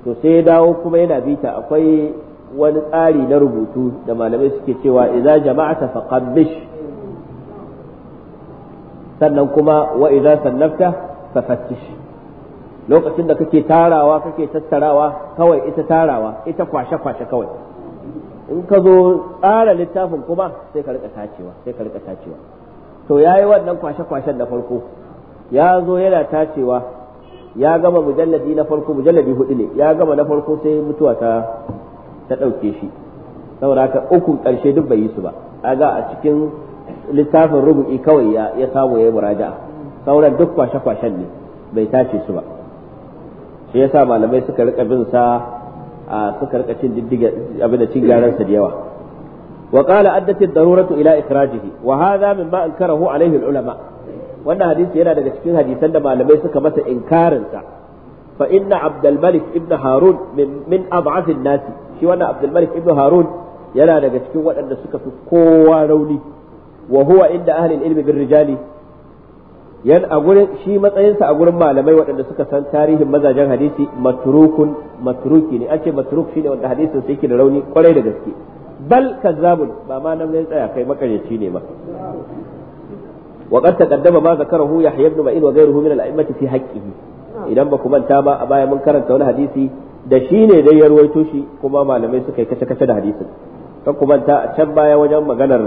to sai ya dawo kuma yana bita akwai wani tsari na rubutu da malamai suke cewa idza jama'ata faqabbish sannan kuma wa idza sannafta fafattish lokacin da kake tarawa kake tattarawa kawai ita tarawa ita kwashe kwashe kawai in ka zo tsara littafin kuma sai ka rika tacewa sai ka rika tacewa to yayi wannan kwashe kwashen na farko ya zo yana tacewa ya gama mujalladi na farko mujalladi hudu ne ya gama na farko sai mutuwa ta ta dauke shi saboda haka uku karshe duk bai yi su ba aga a cikin littafin rubu'i kawai ya ya samu yayi muraja'a sauran duk kwashe kwashen ne bai tace su ba shi yasa malamai suka rika bin sa suka rika cin diddiga abin da cin garan sa da yawa wa qala addat ad-daruratu ila ikhrajihi wa hadha mimma ankarahu alayhi al-ulama wannan hadisi yana daga cikin hadisan da malamai suka masa inkarin sa fa inna abdul malik ibn harun min min ab'ath an-nas shi wannan abdul malik ibn harun yana daga cikin waɗanda suka fi kowa rauni wa huwa inda ahli al-ilmi bir rijali yan a gurin shi matsayinsa a gurin malamai waɗanda suka san tarihin mazajen hadisi matrukun matruki ne ce matruk shine wanda hadisin sai yake da rauni kwarai da gaske bal kazzabun ba ma nan ne tsaya kai makaryaci ne ba wa qad taqaddama ma zakarahu yahya ibn ma'in wa ghayruhu min al-a'immati fi haqqihi idan ba ku manta ba a baya mun karanta wani hadisi da shi ne da ya ruwaito shi kuma malamai suka yi kace-kace da hadisin kan ku manta a can baya wajen maganar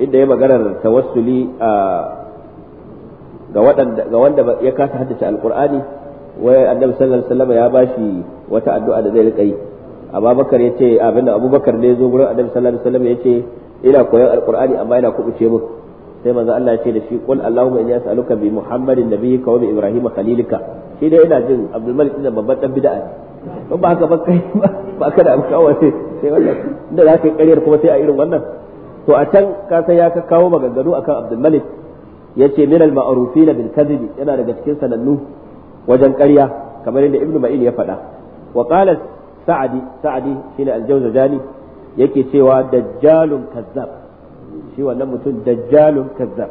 inda ya maganar tawassuli a ah, ga waɗanda ga wanda ya kasa haddace alqur'ani wai annabi sallallahu alaihi wasallam ya bashi wata addu'a da zai rika yi abubakar yace abinda abubakar ne zo gurin annabi sallallahu alaihi wasallam yace ina koyon alqur'ani amma ina kubuce mu. sai manzo Allah ya ce da shi qul allahumma inni as'aluka bi muhammadin nabiyyika wa bi ibrahima khalilika shi dai ina jin abdul malik din babban dan bid'a ne ba haka ba kai ba ka da alƙawari sai wannan da za ka yi ƙaryar kuma sai a irin wannan to a can ka san ya ka kawo maganganu akan abdul malik yace min al-ma'rufin bil kadhib yana daga cikin sanannu wajen ƙarya kamar yadda ibnu ma'in ya faɗa wa qala sa'adi sa'adi shine al-jawzajani yake cewa dajjalun kazzab shi wannan mutum dajjalun kazzab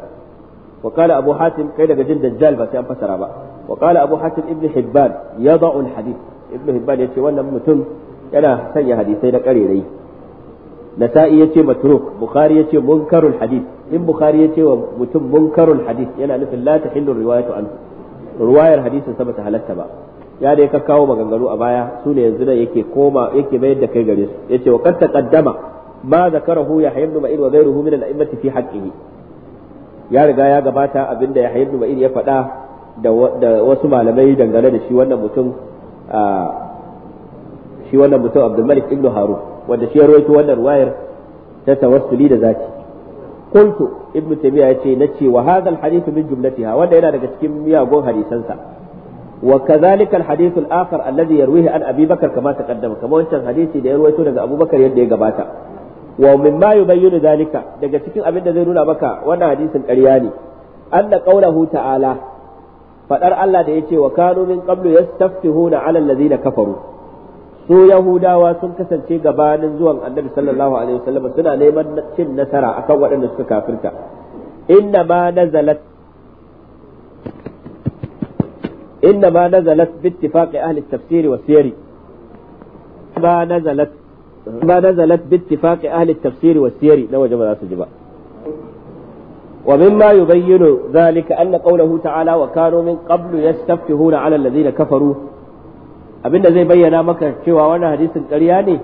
wa qala abu hatim kai daga jin dajjal ba sai an fasara ba wa qala abu hatim ibnu hibban yada'u al-hadith ibnu hibban yace wannan mutum yana sanya hadisai na ƙarerai nasa'i yace matruk bukhari yace munkarul hadith in bukhari ya ce wa mutum munkarul hadith yana nufin la tahillu riwayatu anhu ruwayar hadisin sa bata halatta ba ya da ya kawo maganganu a baya su ne yanzu da yake koma yake da kai gare su yace wa kad taqaddama ma zakarahu yahya ibn ma'in wa ghayruhu min al-a'immati fi haqqihi ya riga ya gabata abinda ya ibn ma'in ya faɗa da wasu malamai dangane da shi wannan mutum shi wannan mutum Abdul Malik ibn Harun wanda shi ya rawaito wannan ruwayar ta tawassuli da zaki qultu ibn tabiya ya ce na ce al hadith min jumlatiha wanda yana daga cikin miyagun hadisansa wa kadhalika al hadith al akhar alladhi yarwihi an abi bakr kama taqaddama kamar wancan hadisi da ya ruwaito daga abubakar yadda ya gabata wa mimma yubayyinu zalika daga cikin abin da zai nuna maka wannan hadisin ƙarya ne anna qawluhu ta'ala faɗar Allah da ya yace wa kanu min qablu yastafihuna 'ala alladhina kafaru su yahudawa sun kasance gabanin zuwan annabi sallallahu alaihi wasallam suna neman cin nasara akan waɗanda suka kafirta inna ma nazalat inna ma nazalat bi ittifaqi ahli at-tafsir wa siyari ma nazalat ma nazalat bi ittifaqi ahli at-tafsir wa siyari na waje ba za su ji ba ومما يبين ذلك أن قوله تعالى وكانوا من قبل يستفتحون على الذين كفروا abinda zai bayyana maka cewa wannan hadisin ƙarya ne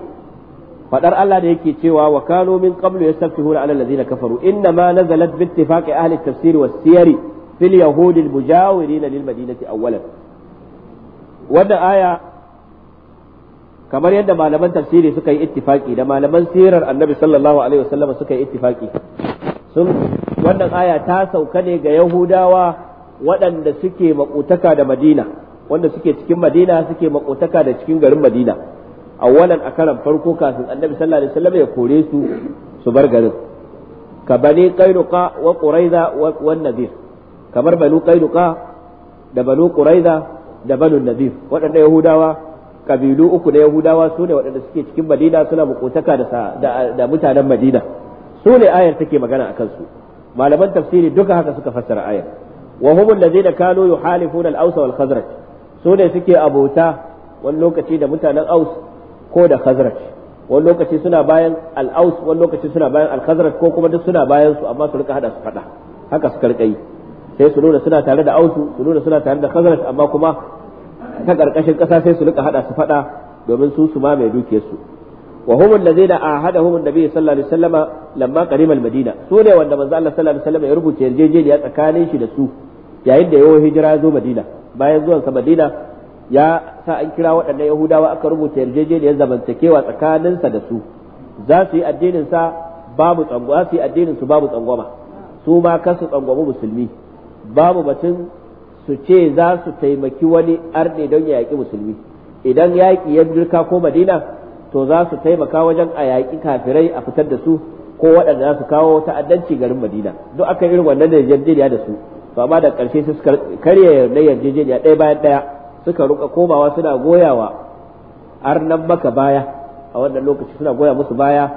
faɗar Allah da yake cewa wa kanu min qablu yastaftihuna ala allazina kafaru inna ma nazalat bi ittifaqi ahli at-tafsir was-siyar fil yahud al-mujawirin lil madinati awwalan wannan aya kamar yadda malaman tafsiri suka yi ittifaki da malaman sirar annabi sallallahu alaihi wasallam suka yi ittifaki sun wannan aya ta sauka ne ga yahudawa waɗanda suke makutaka da madina wanda suke cikin madina suke makotaka da cikin garin madina awwalan a karan farko kafin annabi sallallahu alaihi wasallam ya kore su su bar garin ka bani qainuqa wa quraiza wa nadir kamar banu qainuqa da banu quraiza da banu nadir waɗanda yahudawa kabilu uku na yahudawa su ne waɗanda suke cikin madina suna makotaka da da mutanen madina su ne ayar take magana a kansu. malaman tafsiri duka haka suka fassara ayar وهم الذين كانوا يحالفون الأوس والخزرج su ne suke abota wani lokaci da mutanen aus ko da khazraj wani lokaci suna bayan al-aus wani lokaci suna bayan al-khazraj ko kuma duk suna bayan su amma su rika hada su fada haka su karkai sai su nuna suna tare da ausu su nuna suna tare da khazraj amma kuma ta karkashin kasa sai su rika hada su fada domin su su ma mai duke su wa hum allazina ahadahum annabi sallallahu alaihi wasallama lamma qarima al-madina su ne wanda manzo Allah sallallahu alaihi wasallam ya rubuce yarjejeniya tsakanin shi da su yayin da yawo hijira ya zo madina bayan zuwan sa madina ya sa an kira waɗannan yahudawa aka rubuta yarjejeniyar zamantakewa tsakaninsa da su za su yi addinin sa babu tsangwa su yi addinin su babu tsangwama su ma kan su tsangwami musulmi babu batun su ce za su taimaki wani arne don ya yaƙi musulmi idan yaƙi ya jirka ko madina to za su taimaka wajen a yaƙi kafirai a fitar da su ko waɗanda za su kawo ta'addanci garin madina duk aka irin wannan da yarjejeniya da su to amma da ƙarshe sai suka karya yarda yarjejeniya ɗaya bayan ɗaya suka ruka komawa suna goyawa arnan maka baya a wannan lokaci suna goya musu baya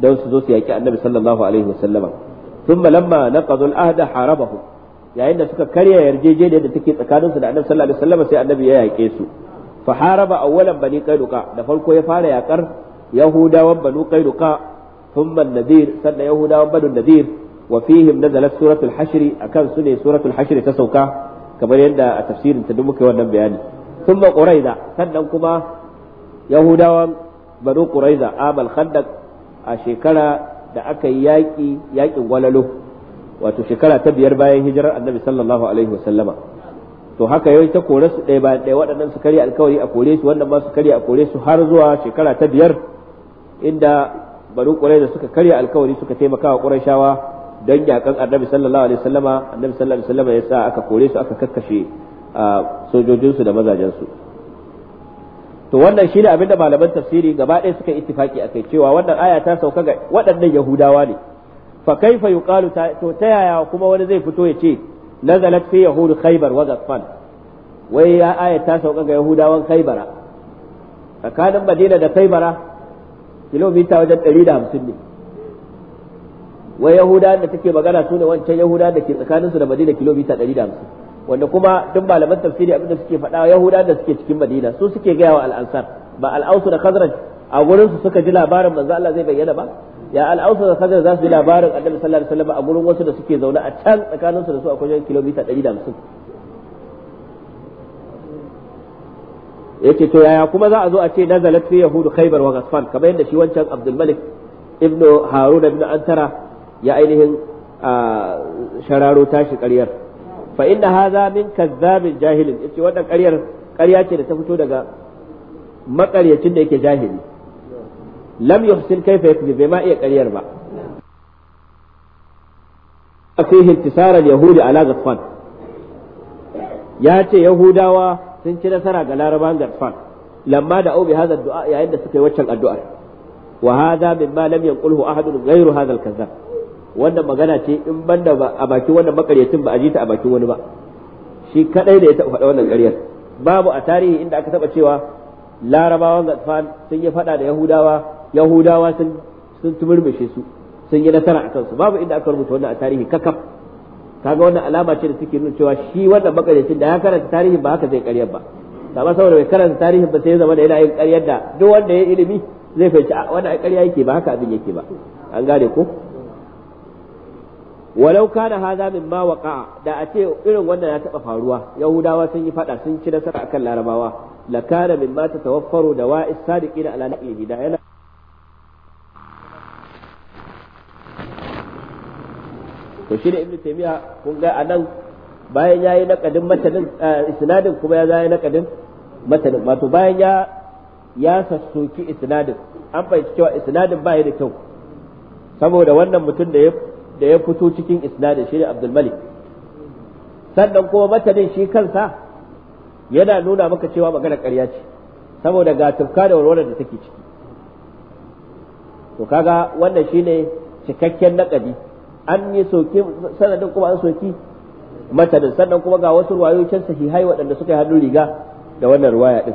don su zo su yaki annabi sallallahu alaihi wasallama thumma lamma naqadu al-ahda harabahu yayin da suka karya yarjejeniyar da take tsakaninsu da annabi sallallahu alaihi wasallama sai annabi ya yake su fa haraba awwalan bani qaiduqa da farko ya fara yakar yahudawan banu qaiduqa thumma an-nadir sannan yahudawan banu nadir wa fihim nazalat suratul hashr akan sune ne suratul hashr ta sauka kamar yadda a tafsirin ta muka wannan bayani thumma quraiza sannan kuma yahudawan banu quraiza amal khandaq a shekara da aka yi yaƙi yaƙin gwalalo wato shekara ta biyar bayan hijirar annabi sallallahu alaihi wasallama to haka yau ta kore su ɗaya bayan waɗannan su karya alkawari a kore su wannan ma su karya a kore su har zuwa shekara ta biyar inda banu ƙurai da suka karya alkawari suka taimaka wa ƙurayshawa Don yakan annabi sallallahu alaihi wasallama annabi sallallahu alaihi wasallama yasa aka kore su aka kakkashe sojojin da mazajensu su to wannan shi shine abinda malaman tafsiri gaba ɗaya suka ittifaki kai cewa wannan aya ta sauka ga waɗannan yahudawa ne fa kaifa yuqalu to ta yaya kuma wani zai fito ya ce nazalat fi yahud khaybar wa ghatfan wai ya aya ta sauka ga yahudawan khaybara tsakanin madina da khaybara kilomita wajen 150 ne wa yahuda da take magana su ne wancan yahuda da ke tsakaninsu da madina kilomita 150 wanda kuma duk malaman tafsiri abinda suke faɗa yahuda da suke cikin madina su suke gaya wa al'ansar ba al'ausu da khazraj a gurin su suka ji labarin manzo Allah zai bayyana ba ya al'ausu da khazraj za su ji labarin annabi sallallahu alaihi wasallam a gurin wasu da suke zaune a can tsakaninsu da su akwai kilomita 150 yake to yaya kuma za a zo a ce nazalat fi yahudu khaybar wa ghasfan kamar yadda shi wancan abdul malik ibnu haruna ibnu antara ya ainihin shararo tashi karyar. fa inna hazamin min kazzabin jahilin yace wannan ƙaryar ƙarya ce da ta fito daga maƙaryacin da yake jahili lam yuhsin kaifa yakzib bai ma iya ƙaryar ba fihi intisar al-yahudi ala ghatfan ya ce yahudawa sun ci nasara ga laraban ghatfan lamma da au bi hadha du'a yayin da suka yi waccan addu'ar wa hadha mimma lam yanqulhu ahadun ghayru hadha al-kazzab wannan magana ce in banda ba a bakin wannan makaryacin ba a jita a bakin wani ba shi kadai da ya taɓa faɗa wannan ƙaryar babu a tarihi inda aka taɓa cewa larabawan gatsfan sun yi faɗa da yahudawa yahudawa sun sun tumurmushe su sun yi nasara akan su babu inda aka rubuta wannan a tarihi kakaf kaga wannan alama ce da suke nuna cewa shi wannan makaryacin da ya karanta tarihin ba haka zai ƙaryar ba amma saboda bai karanta tarihi ba sai ya zama da yana yin ƙaryar da duk wanda ya ilimi zai fahimci a wannan ƙarya yake ba haka abin yake ba an gane ko walau kana hadha mimma waqa'a da a ce irin wanda ya taba faruwa yahudawa sun yi fada sun ci nasara akan larabawa la kana mimma tatawaffaru da wa'is sadiqina ala nabihi da yana to shi ne ibnu taymiya kun ga anan bayan yayi nakadin matanin eh, isnadin kuma ya zai nakadin matanin wato bayan ya ya sassoki isnadin an fahimci cewa isnadin ba da kyau saboda wannan mutum da ya da ya fito cikin isnadin shi ne Abdul Malik sannan kuma matanin shi kansa yana nuna maka cewa magana ƙarya ce saboda ga tufka da warwarar da take ciki to kaga wannan shine cikakken naƙadi an yi soki sanadin kuma an soki matanin sannan kuma ga wasu ruwayoyin sahihai waɗanda suka yi hannun riga da wannan ruwaya din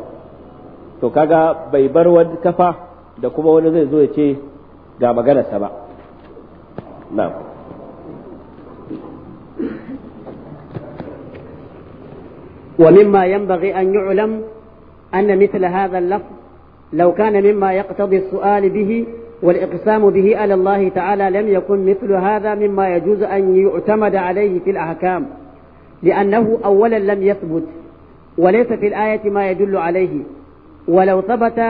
to kaga bai bar wani kafa da kuma wani zai zo ya ce ga maganarsa ba na'am ومما ينبغي أن يعلم أن مثل هذا اللفظ لو كان مما يقتضي السؤال به والإقسام به على الله تعالى لم يكن مثل هذا مما يجوز أن يعتمد عليه في الأحكام لأنه أولا لم يثبت وليس في الآية ما يدل عليه ولو ثبت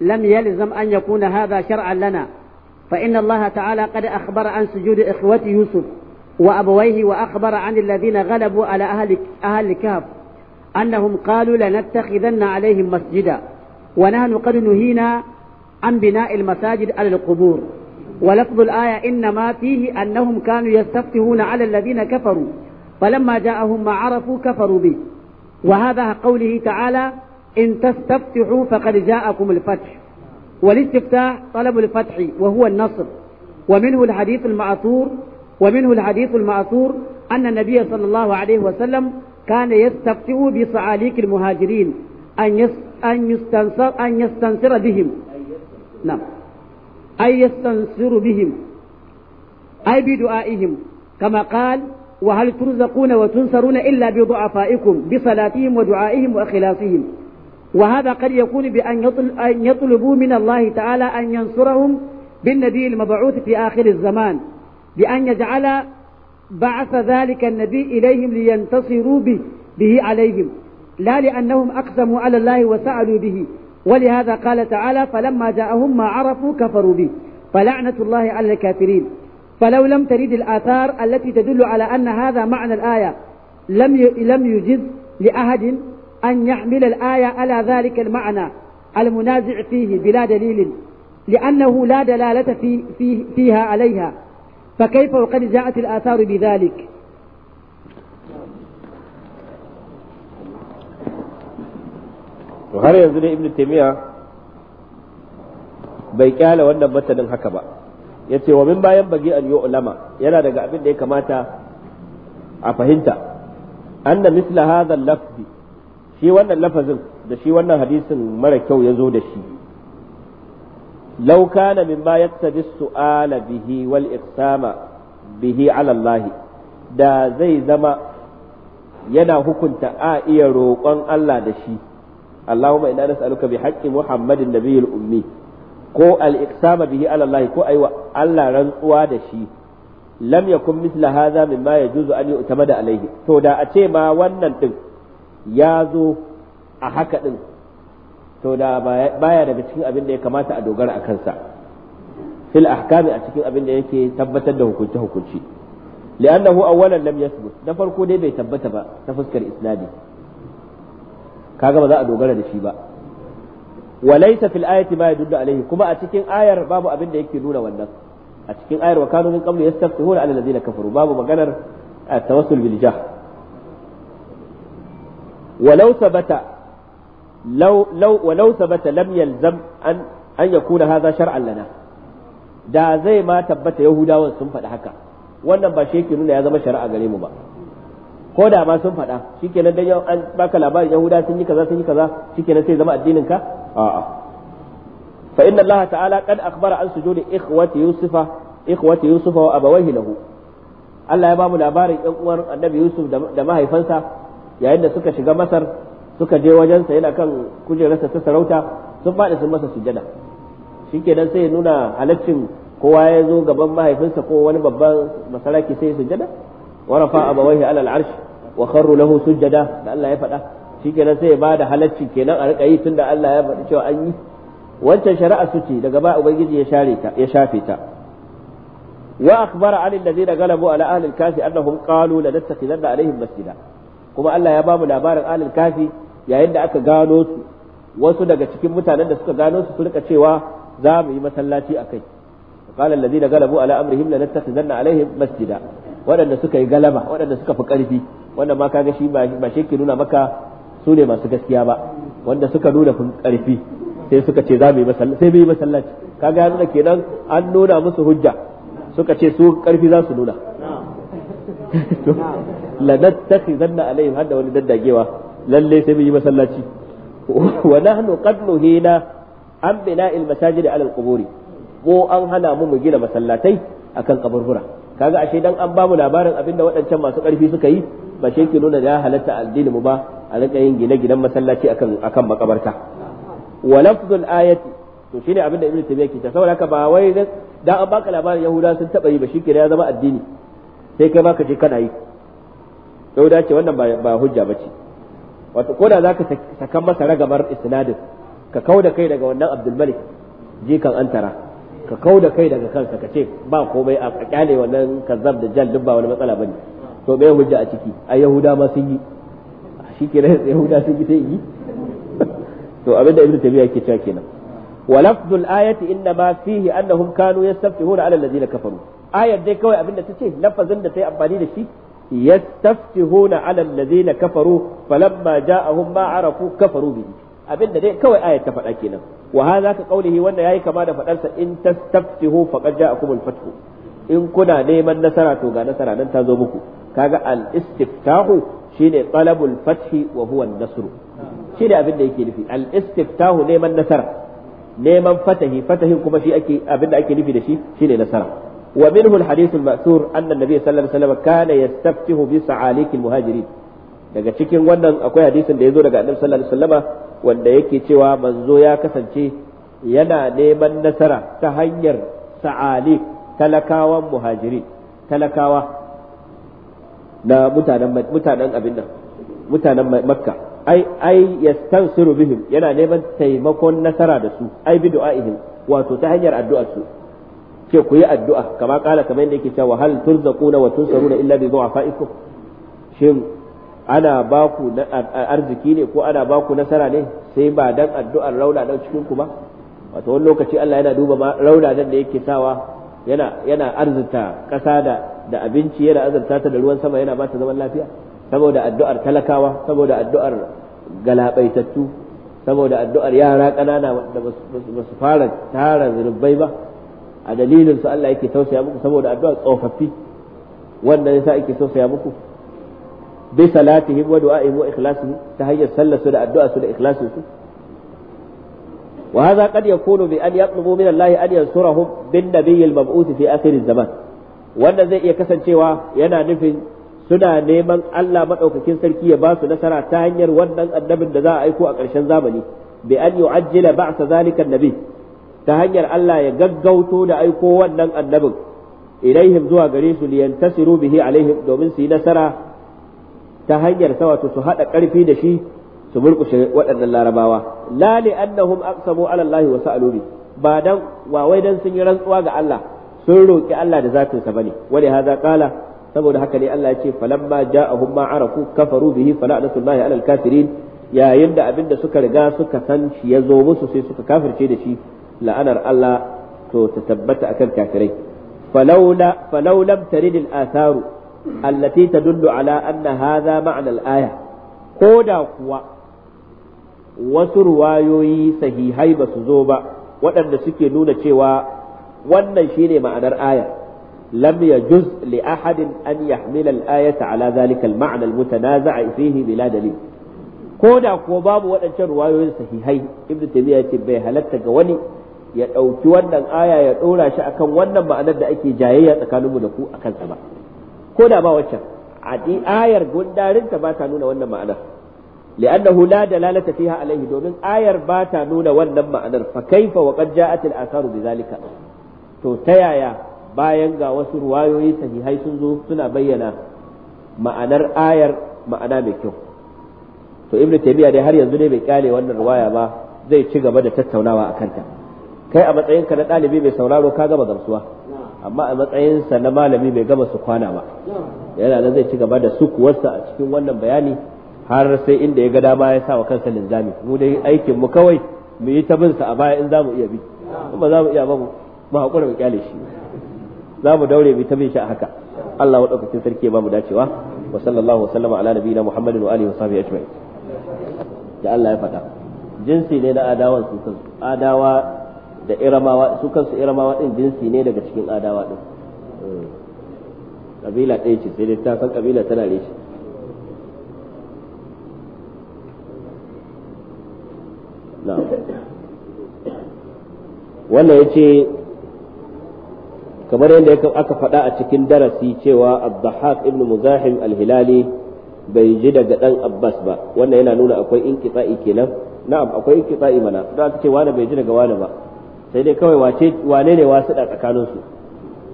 لم يلزم أن يكون هذا شرعا لنا فإن الله تعالى قد أخبر عن سجود إخوة يوسف وأبويه وأخبر عن الذين غلبوا على أهل أهل كهف أنهم قالوا لنتخذن عليهم مسجدا ونحن قد نهينا عن بناء المساجد على القبور ولفظ الآية إنما فيه أنهم كانوا يستفتحون على الذين كفروا فلما جاءهم ما عرفوا كفروا به وهذا قوله تعالى إن تستفتحوا فقد جاءكم الفتح والاستفتاح طلب الفتح وهو النصر ومنه الحديث المعثور ومنه الحديث المعثور أن النبي صلى الله عليه وسلم كان يستفتئ بصعاليك المهاجرين أن يس أن يستنصر أن يستنصر بهم نعم أن يستنصر بهم أي بدعائهم كما قال وهل ترزقون وتنصرون إلا بضعفائكم بصلاتهم ودعائهم وإخلاصهم وهذا قد يكون بأن يطل أن يطلبوا من الله تعالى أن ينصرهم بالنبي المبعوث في آخر الزمان بأن يجعل بعث ذلك النبي إليهم لينتصروا به, به عليهم لا لأنهم أقسموا على الله وسألوا به ولهذا قال تعالى فلما جاءهم ما عرفوا كفروا به فلعنة الله على الكافرين فلو لم ترد الآثار التي تدل على أن هذا معنى الآية لم لم يجز لأحد أن يحمل الآية على ذلك المعنى المنازع فيه بلا دليل لأنه لا دلالة في فيه فيها عليها فكيف وقد جاءت الآثار بذلك har yanzu ne ibn taymiya bai kyale wannan matanin haka ba ya ce wa min bayan bagi an yi ulama yana daga abin da ya kamata a fahimta anna misla hadha lafzi shi wannan lafazin da shi wannan hadisin mara kyau ya zo da shi law kana mimma yaqtadi su'ala bihi wal iqsama bihi ala da zai zama yana hukunta a iya roƙon Allah da shi Allahumma inna nas'aluka bi haqqi Muhammadin nabiyil ummi ko al-iqsama bihi ala Allah ko aiwa Allah rantsuwa da shi lam yakun mithla hadha mimma yajuzu an yu'tamada alayhi to da a ce ma wannan ɗin ya zo a haka ɗin. to da baya daga cikin abin da ya kamata a dogara a kansa fil ahkami a cikin abin da yake tabbatar da hukunci hukunci li'annahu awwalan lam yathbut na farko dai bai tabbata ba ta fuskar isnadi kaga ba za a dogara da shi ba walaysa fil ayati ma yadullu alayhi kuma a cikin ayar babu abin da yake nuna wannan a cikin ayar wa kanu min qablu yastafihuna ala alladhina kafaru babu maganar at-tawassul eh, bil jah walau sabata law law walau sabata lam yalzam an an yakuna hadha shar'an lana da zai ma tabbata yahudawan sun faɗi haka wannan ba shi yake nuna ya zama shari'a gare mu ba ko da ma sun faɗa shikenan dan an baka labarin yahuda sun yi kaza sun yi kaza shikenan sai zama addinin ka a'a fa inna allaha ta'ala qad akhbara an sujudi ikhwati yusufa ikhwati yusufa wa abawayhi lahu Allah ya ba mu labarin ɗan uwan annabi Yusuf da mahaifansa yayin da suka shiga Masar suka je wajensa yana kan kujerarsa ta sarauta sun faɗi sun masa sujada shikenan sai ya nuna halaccin kowa ya zo gaban mahaifinsa ko wani babban masaraki sai ya sujada wa rafa abawaihi alal arsh wa kharru lahu sujada da Allah ya faɗa shikenan sai ya bada halacci kenan a rika yi tunda Allah ya faɗi cewa an yi wancan shari'a su ce daga ba ubangiji ya share ta ya shafe ta wa akhbara an alladhina galabu ala ahli al-kasi annahum qalu lanattakhidanna alaihim masjida kuma Allah ya ba mu labarin alil kafi yayin da aka gano su wasu daga cikin mutanen da suka gano su su rika cewa za mu yi masallaci a kai qala allazina galabu ala amrihim nattakhizanna alaihim masjida waɗanda suka yi galaba waɗanda suka fi ƙarfi wanda ma kaga shi ba shi ke nuna maka su ne masu gaskiya ba wanda suka nuna fi ƙarfi sai suka ce za mu yi masallaci sai mu yi masallaci kaga ya nuna kenan an nuna musu hujja suka ce su ƙarfi za su nuna zanna alaihim hadda wani daddagewa lalle sai mu yi masallaci wa nahnu qad nuhina an bina'il masajidi ala ko an hana mu mu gina masallatai akan kaburbura kaga ashe dan an bamu labarin abinda waɗancan masu ƙarfi suka yi ba shi ke nuna ya halatta addini mu ba a rika yin gine-ginen masallaci akan akan makabarta wa lafzul ayati to shine abinda ibnu tabiya ke ta saboda haka ba wai dan an baka labarin yahuda sun taba yi ba shi ke ya zama addini sai kai ma ka je kana yi sau da ce wannan ba hujja ce wato ko da zaka sakan masa ragamar isnadin ka kau da kai daga wannan Abdul Malik jikan antara ka kau da kai daga kansa ka ce ba komai a kyale wannan kazzab da jal duk ba wani matsala bane to me hujja a ciki ai yahuda ma sun yi shikenan yahuda sun yi sai yi to abinda ibnu tabiya yake cewa kenan ولفظ الآية إنما فيه أنهم كانوا يستفتحون على الذين كفروا آية دي كوي أبن تتي لفظ أن تي أباني shi. yastaftihuna ala allazina kafaru falamma ja'ahum ma arafu kafaru bihi abinda dai kawai ayat ta faɗa kenan wa hadha ka qawlihi wanda yayi kama da faɗarsa in tastaftihu faqad ja'akumul fathu in kuna neman nasara to ga nasara nan ta zo muku kaga al istiftahu shine talabul fathi wa huwa an-nasr shine abin da yake nufi al istiftahu neman nasara neman fatahi fatahin kuma shi ake abin da ake nufi da shi shine nasara ومنه الحديث المأثور أن النبي صلى الله عليه وسلم كان يستفتح بسعاليك المهاجرين daga cikin wannan akwai hadisin da ya zo daga annabi sallallahu alaihi wasallam wanda yake cewa manzo ya kasance yana neman nasara ta hanyar sa'alik talakawan muhajiri talakawa na mutanen mutanen abin nan mutanen makka ai ai yastansiru bihim yana neman taimakon nasara da su ai bi du'a'ihim wato ta hanyar addu'ar su ce ku yi addu'a kama kala kamar yadda yake cewa hal turzaquna wa tunsaruna illa bi du'afaikum shin ana ba ku arziki ne ko ana ba ku nasara ne sai ba dan addu'ar raula dan cikin ku ba wato wani lokaci Allah yana duba ma raula dan da yake sawa yana yana arzuta ƙasa da da abinci yana azurta ta da ruwan sama yana ba ta zaman lafiya saboda addu'ar talakawa saboda addu'ar galabaitattu saboda addu'ar yara kanana da ba su fara tara zurbai ba a dalilin su Allah yake tausaya muku saboda addu'a tsofaffi wanda yasa yake tausaya muku bi salatihim wa du'a'ihim wa ikhlasihim ta hanyar sallar su da addu'a su da ikhlasin su wa hadha qad yakunu bi an yatlubu min Allah an yansurahum bin nabiyil mab'uth fi akhir zaman wanda zai iya kasancewa yana nufin suna neman Allah madaukakin sarki ya ba su nasara ta hanyar wannan annabin da za a aiko a ƙarshen zamani bi an yu'ajjila ba'sa zalika annabi ta hanyar Allah ya gaggauto da aiko wannan annabin ilaihim zuwa gare su liyantasiru bihi alaihim domin su yi nasara ta hanyar sa wato su hada karfi da shi su murkushe waɗannan larabawa la li annahum aqsamu ala Allah wa sa'alu ba dan wa wai dan sun yi rantsuwa ga Allah sun roki Allah da zatin sa bane wani haza qala saboda haka ne Allah ya ce falamma ja'ahum ma arafu kafaru bihi fala'natullahi ala al yayin da abinda suka riga suka san shi ya zo musu sai suka kafirce da shi la'anar Allah to ta tabbata akan kafirai falaula falau lam tarid al-atharu allati tadullu ala anna hadha ma'na al-aya koda kuwa wasu ruwayoyi sahihai ba su zo ba waɗanda suke nuna cewa wannan shine ma'anar aya lam yajuz li ahadin an yahmila al-ayata ala dhalika al-ma'na al-mutanaza'a fihi bila dalil ko da kuwa babu waɗancan ruwayoyin sahihai ibnu taymiya ce bai halatta ga wani ya ɗauki wannan aya ya ɗora shi akan wannan ma'anar da ake jayayya tsakaninmu da ku a kansa ba ko da ba waccan ayar gundarinta ba ta nuna wannan ma'anar li'annahu la dalalata fiha alaihi domin ayar ba ta nuna wannan ma'anar fa kaifa wa qad ja'at al-atharu zalika. to ta yaya bayan ga wasu ruwayoyi sahihai sun zo suna bayyana ma'anar ayar ma'ana mai kyau to ibnu taymiya dai har yanzu ne bai kyale wannan ruwaya ba zai ci gaba da tattaunawa akan ta kai a matsayinka na ɗalibi mai sauraro ka gama gamsuwa amma a matsayinsa na malami bai gama su kwana ba yana nan zai ci gaba da sukuwarsa a cikin wannan bayani har sai inda ya ga dama ya sa wa kansa linzami mu dai aikin mu kawai mu yi ta binsa a baya in za mu iya bi ba za mu iya ba mu haƙura mu kyale shi za mu daure mu ta bin shi a haka Allah wa ɗaukakin sarki ya ba mu dacewa wa sallallahu wasallama ala nabiyina muhammadin wa alihi wa sahbihi ajma'in da Allah ya faɗa jinsi ne na adawan su adawa da iramawa su kansu iramawa din jinsi ne daga cikin adawa din kabila ɗaya ce sai dai ta san kabila tana na wannan ya ce kamar yadda aka faɗa a cikin darasi cewa abdahak ibn muzahim al-hilali bai ji daga ɗan abbas ba wannan yana nuna akwai inkitsa'i kenan na'am akwai inkitsa'i mana da aka ce wani bai ji daga wani ba sai dai kawai wace wane ne wasiɗa tsakaninsu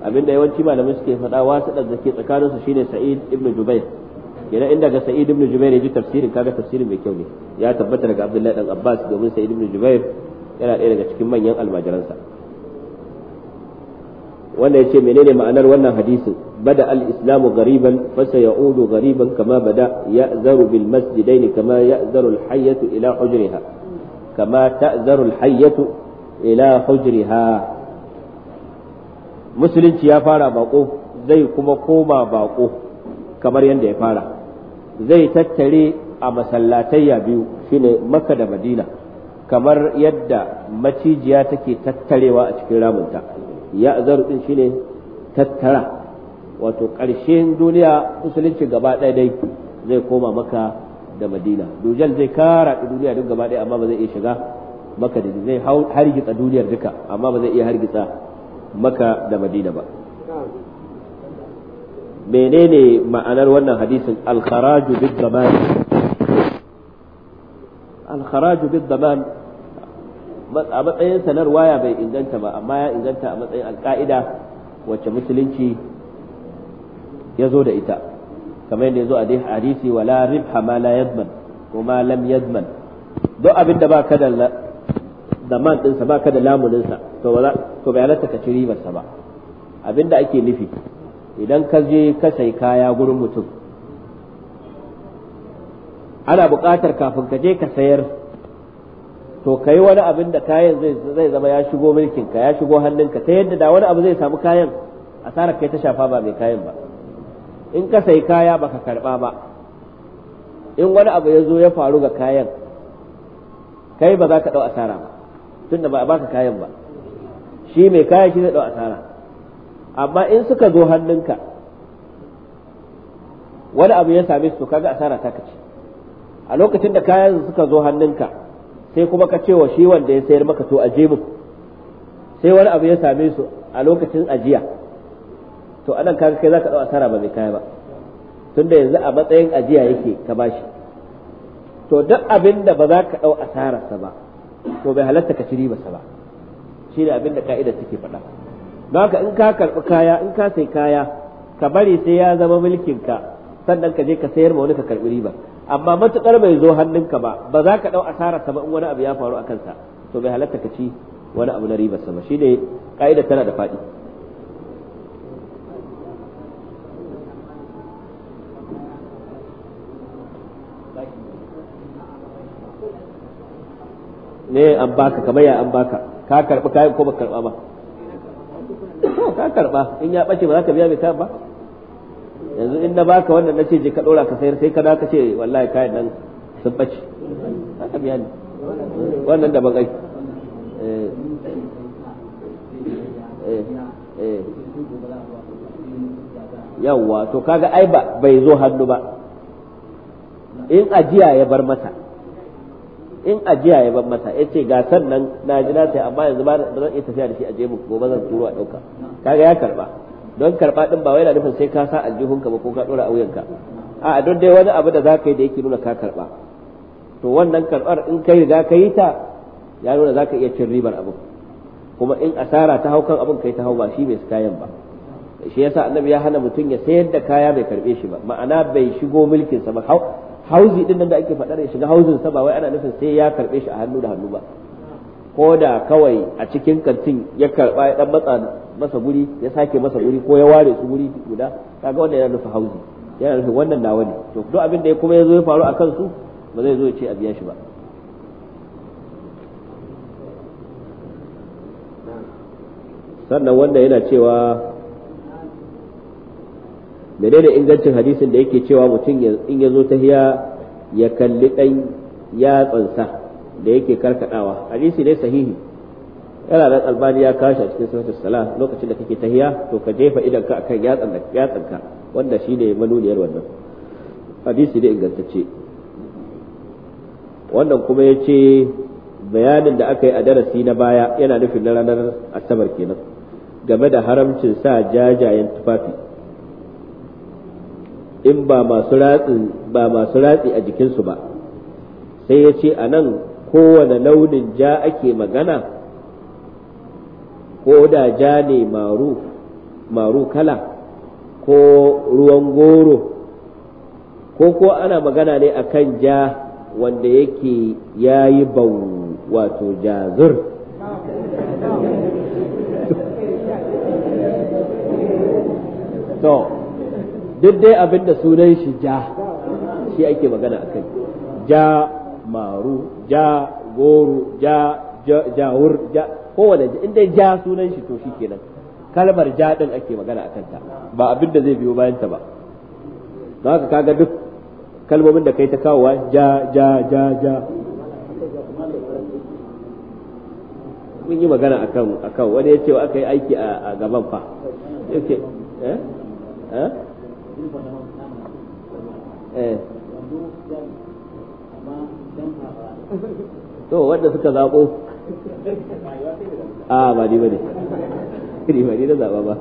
abinda yawanci malamai suke faɗa wasiɗa da ke tsakaninsu shine Sa'id ibn Jubair kenan inda ga Sa'id ibn Jubair ya ji tafsirin kaga tafsirin mai kyau ne ya tabbata daga Abdullahi dan Abbas domin Sa'id ibn Jubair yana ɗaya daga cikin manyan almajiransa wanda ya ce menene ma'anar wannan hadisin bada al-islamu gariban ya sayaudu gariban kama bada ya'zaru bil masjidain kama ya'zaru al-hayyatu ila hujriha kama ta'zaru al-hayyatu ila hujriha musulunci ya fara bako zai kuma koma bako kamar yadda ya fara zai tattare a masallatayya biyu shine makka da madina kamar yadda macijiya take tattarewa a cikin ramunta ya zaru din shine tattara wato ƙarshen duniya musulunci gaba ɗaya dai zai koma maka da madina dujal zai kara duniya duk gaba ɗaya amma ba zai iya shiga maka da zai hargitsa duniyar duka amma ba zai iya hargitsa maka da madina ba menene ma'anar wannan hadisin al bid zaman bid a matsayin sanar waya bai inganta ba amma ya inganta a matsayin alka'ida wacce musulunci ya zo da ita kamar yadda ya zo a hadisi wala ribha ma la yadman kuma lam yadman duk abin da ba ka da zaman dinsa ɗinsa ba ka da lamuninsa to ba ka ci ribarsa ba abinda ake nufi idan ka je ka sai kaya gurin mutum ana bukatar kafin ka je ka sayar to ka yi wani abin da kayan zai zama ya shigo mulkinka ya shigo hannunka ta yadda da wani abu zai samu kayan asarar kai ta shafa ba mai kayan ba in ka sai kaya baka karba ba in wani abu ya zo ya faru ga kayan kai ba za ka ɗau asara ba tunda ba a baka kayan ba shi mai kayan shi zai dau asara amma in suka zo hannunka wani abu ya same su kaga asara ta kace a lokacin da kayan suka zo hannunka sai kuma ka ce wa shi wanda ya sayar maka to a mu sai wani abu ya same su a lokacin ajiya to anan kaga kai zaka dau asara ba mai kaya ba tunda yanzu a matsayin ajiya yake ka bashi to duk abin da ba za ka dau asararsa ba to bai halatta ka ciri masa ba shi ne abin da ka'idar take faɗa don haka in ka karɓi kaya in ka sai kaya ka bari sai ya zama mulkin ka sannan ka je ka sayar ma wani ka karɓi riba amma matuƙar bai zo hannunka ba ba za ka ɗau asara ba in wani abu ya faru a kansa to bai halatta ka ci wani abu na riba sama shi ne ka'idar tana da faɗi ne an baka kamar ya an baka ka karba kayan ko baka karba ba ka karba in ya bace ba za ka biya mai ta ba yanzu in na baka wannan na ce je ka dora ka sayar sai ka da ka ce wallahi kayan nan sun bace za ka biya ne wannan da bagai eh eh eh yawwa to kaga ai ba bai zo hannu ba in ajiya ya bar mata in ajiya ya ban masa ya ce gasar nan na ji na sai amma yanzu ba zan iya tafiya da shi aje muku gobe zan turo a ɗauka kaga ya karba don karba ɗin ba wai yana nufin sai ka sa aljihunka ba ko ka ɗora a wuyanka a don dai wani abu da za ka yi da yake nuna ka karba to wannan karbar in kai riga ka yi ta ya nuna za ka iya cin ribar abin kuma in asara ta hau kan abin kai ta hau ba shi mai kayan ba shi yasa annabi ya hana mutum ya sayar da kaya bai karɓe shi ba ma'ana bai shigo mulkinsa ba hauzi din nan da ake faɗa ya shiga hauzin sa ba wai ana nufin sai ya karbe shi a hannu da hannu ba ko da kawai a cikin kantin ya karba ya dan matsa masa guri ya sake masa guri ko ya ware su guri guda kaga wannan yana nufin hauzi yana nufin wannan nawa ne to duk abin da ya kuma ya zo ya faru a kansu ba zai zo ya ce a biya shi ba sannan wanda yana cewa menene ingancin hadisin da yake cewa mutum in ya zo tahiya ya kalli ɗan yatsansa da yake karkaɗawa hadisi ne sahihi yana nan albani ya kashi a cikin sarki sala lokacin da kake tahiya to ka jefa idan ka akan yatsan da yatsanka wanda ne manuniyar wannan hadisi ne ingantacce wannan kuma ya ce bayanin da aka yi a darasi na baya yana nufin na ranar asabar kenan game da haramcin sa jajayen tufafi in ba masu ratsi ba masu ratsi a jikinsu ba sai ya ce a nan kowane launin ja ake magana ko da ja ne maru kala ko ruwan goro ko ko ana magana ne akan ja wanda yake yayi bau wato jazir to duk dai abin da sunan shi ja shi ake magana akai ja maru ja goro ja jawur ja kowane ja inda ja sunan shi to shi kenan kalmar ja din ake magana akan ta ba abin da zai biyo bayan ta ba don haka kaga duk kalmomin da kai ta kawowa ja ja ja ja mun yi magana akan akan wani ya ce aka yi aiki a gaban fa yake eh eh Eh. to wanda suka zaɓo a ah, ba ni ba ne ni ba ni na zaɓa ba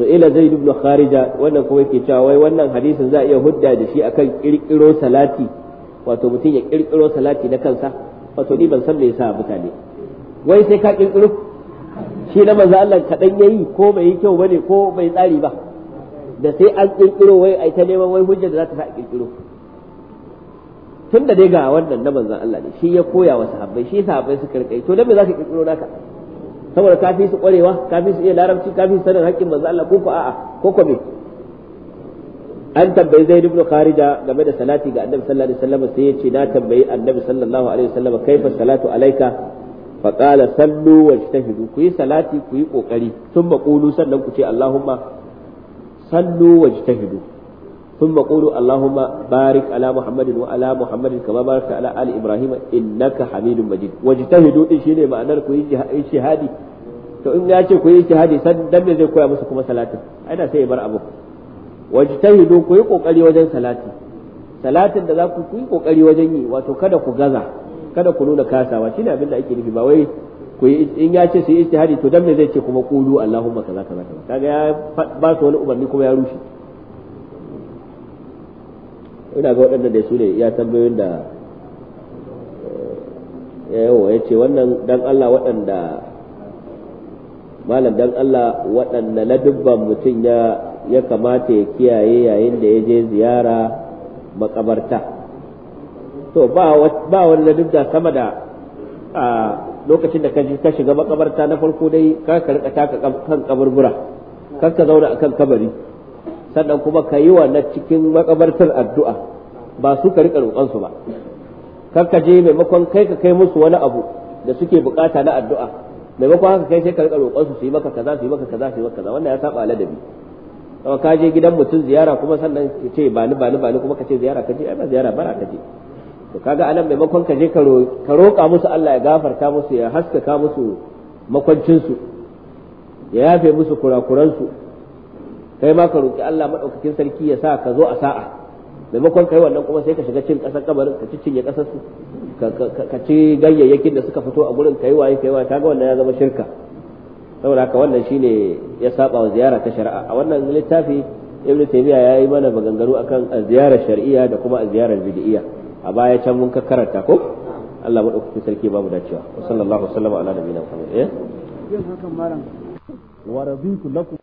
ila zai dubna kharija wannan kuma yake cewa wai wannan hadisin za a iya hudda da shi akan kirkiro salati wato mutum ya kirkiro salati na kansa wato ni ban san me yasa mutane wai sai ka kirkiro shi na manzo Allah kaɗan ya yi ko bai yi kyau ne ko bai tsari ba da sai an ƙirƙiro wai ai ta neman wai hujjar da za ta sa a ƙirƙiro. tun da dai ga wannan na manzon Allah ne shi ya koya wa sahabbai shi sahabbai suka rike to dan me zaka ƙirƙiro naka saboda ka fi su ƙwarewa ka fi su iya larabci ka fi su sanin haƙƙin manzon Allah ko ko a'a ko ko me an tambayi zaid ibn kharija game da salati ga annabi sallallahu alaihi wasallam sai ya ce na tambayi annabi sallallahu alaihi wasallam kaifa salatu alaika fa qala sallu wajtahidu ku yi salati ku yi kokari thumma qulu sannan ku ce allahumma sallu wajtahidu thumma qulu allahumma barik ala muhammadin wa ala muhammadin kama barakta ala ali ibrahim innaka hamidum majid wajtahidu din shine ma'anar shahadi to in ya ce ku yi shahadi san dan me zai koya musu kuma salatin ai da sai ya bar abu wajtahidu ku yi kokari wajen salati salatin da za ku yi kokari wajen yi wato kada ku gaza kada ku nuna kasawa shine abin da ake nufi ba wai ku in ya ce su yi to dan me zai ce kuma qulu allahumma kaza kaza kaza kaga ya ba su wani umarni kuma ya rushe ina ga waɗanda da su ne ya tambayoyin da eh, yawo ya ce wannan dan Allah waɗanda malam dan Allah waɗanda ladubban mutum ya ya kamata ya kiyaye yayin da ya je ziyara makabarta to ba ba wani ladabda sama da lokacin da ka shiga makabarta na farko dai ka ka rika taka kan kaburbura kan ka zauna akan kabari sannan kuma ka yi wa na cikin makabartar addu'a ba su ka rika roƙon su ba kan ka je maimakon kai ka kai musu wani abu da suke bukata na addu'a maimakon haka kai sai ka rika roƙon su su yi maka kaza su yi maka kaza su yi maka kaza wannan ya saba ladabi kuma ka je gidan mutum ziyara kuma sannan ka ce ba ni ba ni ba ni kuma ka ce ziyara ka je ai ba ziyara bara ka je to kaga anan maimakon ka je ka roƙa musu Allah ya gafarta musu ya haskaka musu makwancinsu ya yafe musu kurakuransu kai ma ka roƙi Allah maɗaukakin sarki ya sa ka zo a sa'a maimakon kai wannan kuma sai ka shiga cin ƙasar kabarin ka ci cinye ƙasar su ka ci ganyayyakin da suka fito a gurin kai waye kai waye kaga wannan ya zama shirka saboda haka wannan shine ya saba wa ziyara ta shari'a a wannan littafi ibnu ya yi mana maganganu akan ziyarar shar'iyya da kuma ziyarar bid'iyya a baya can mun ka karanta ko Allah dauki sarki babu dacewa sallallahu alaihi wa sallam ala nabiyina muhammad eh yin hakan malam wa raditu lakum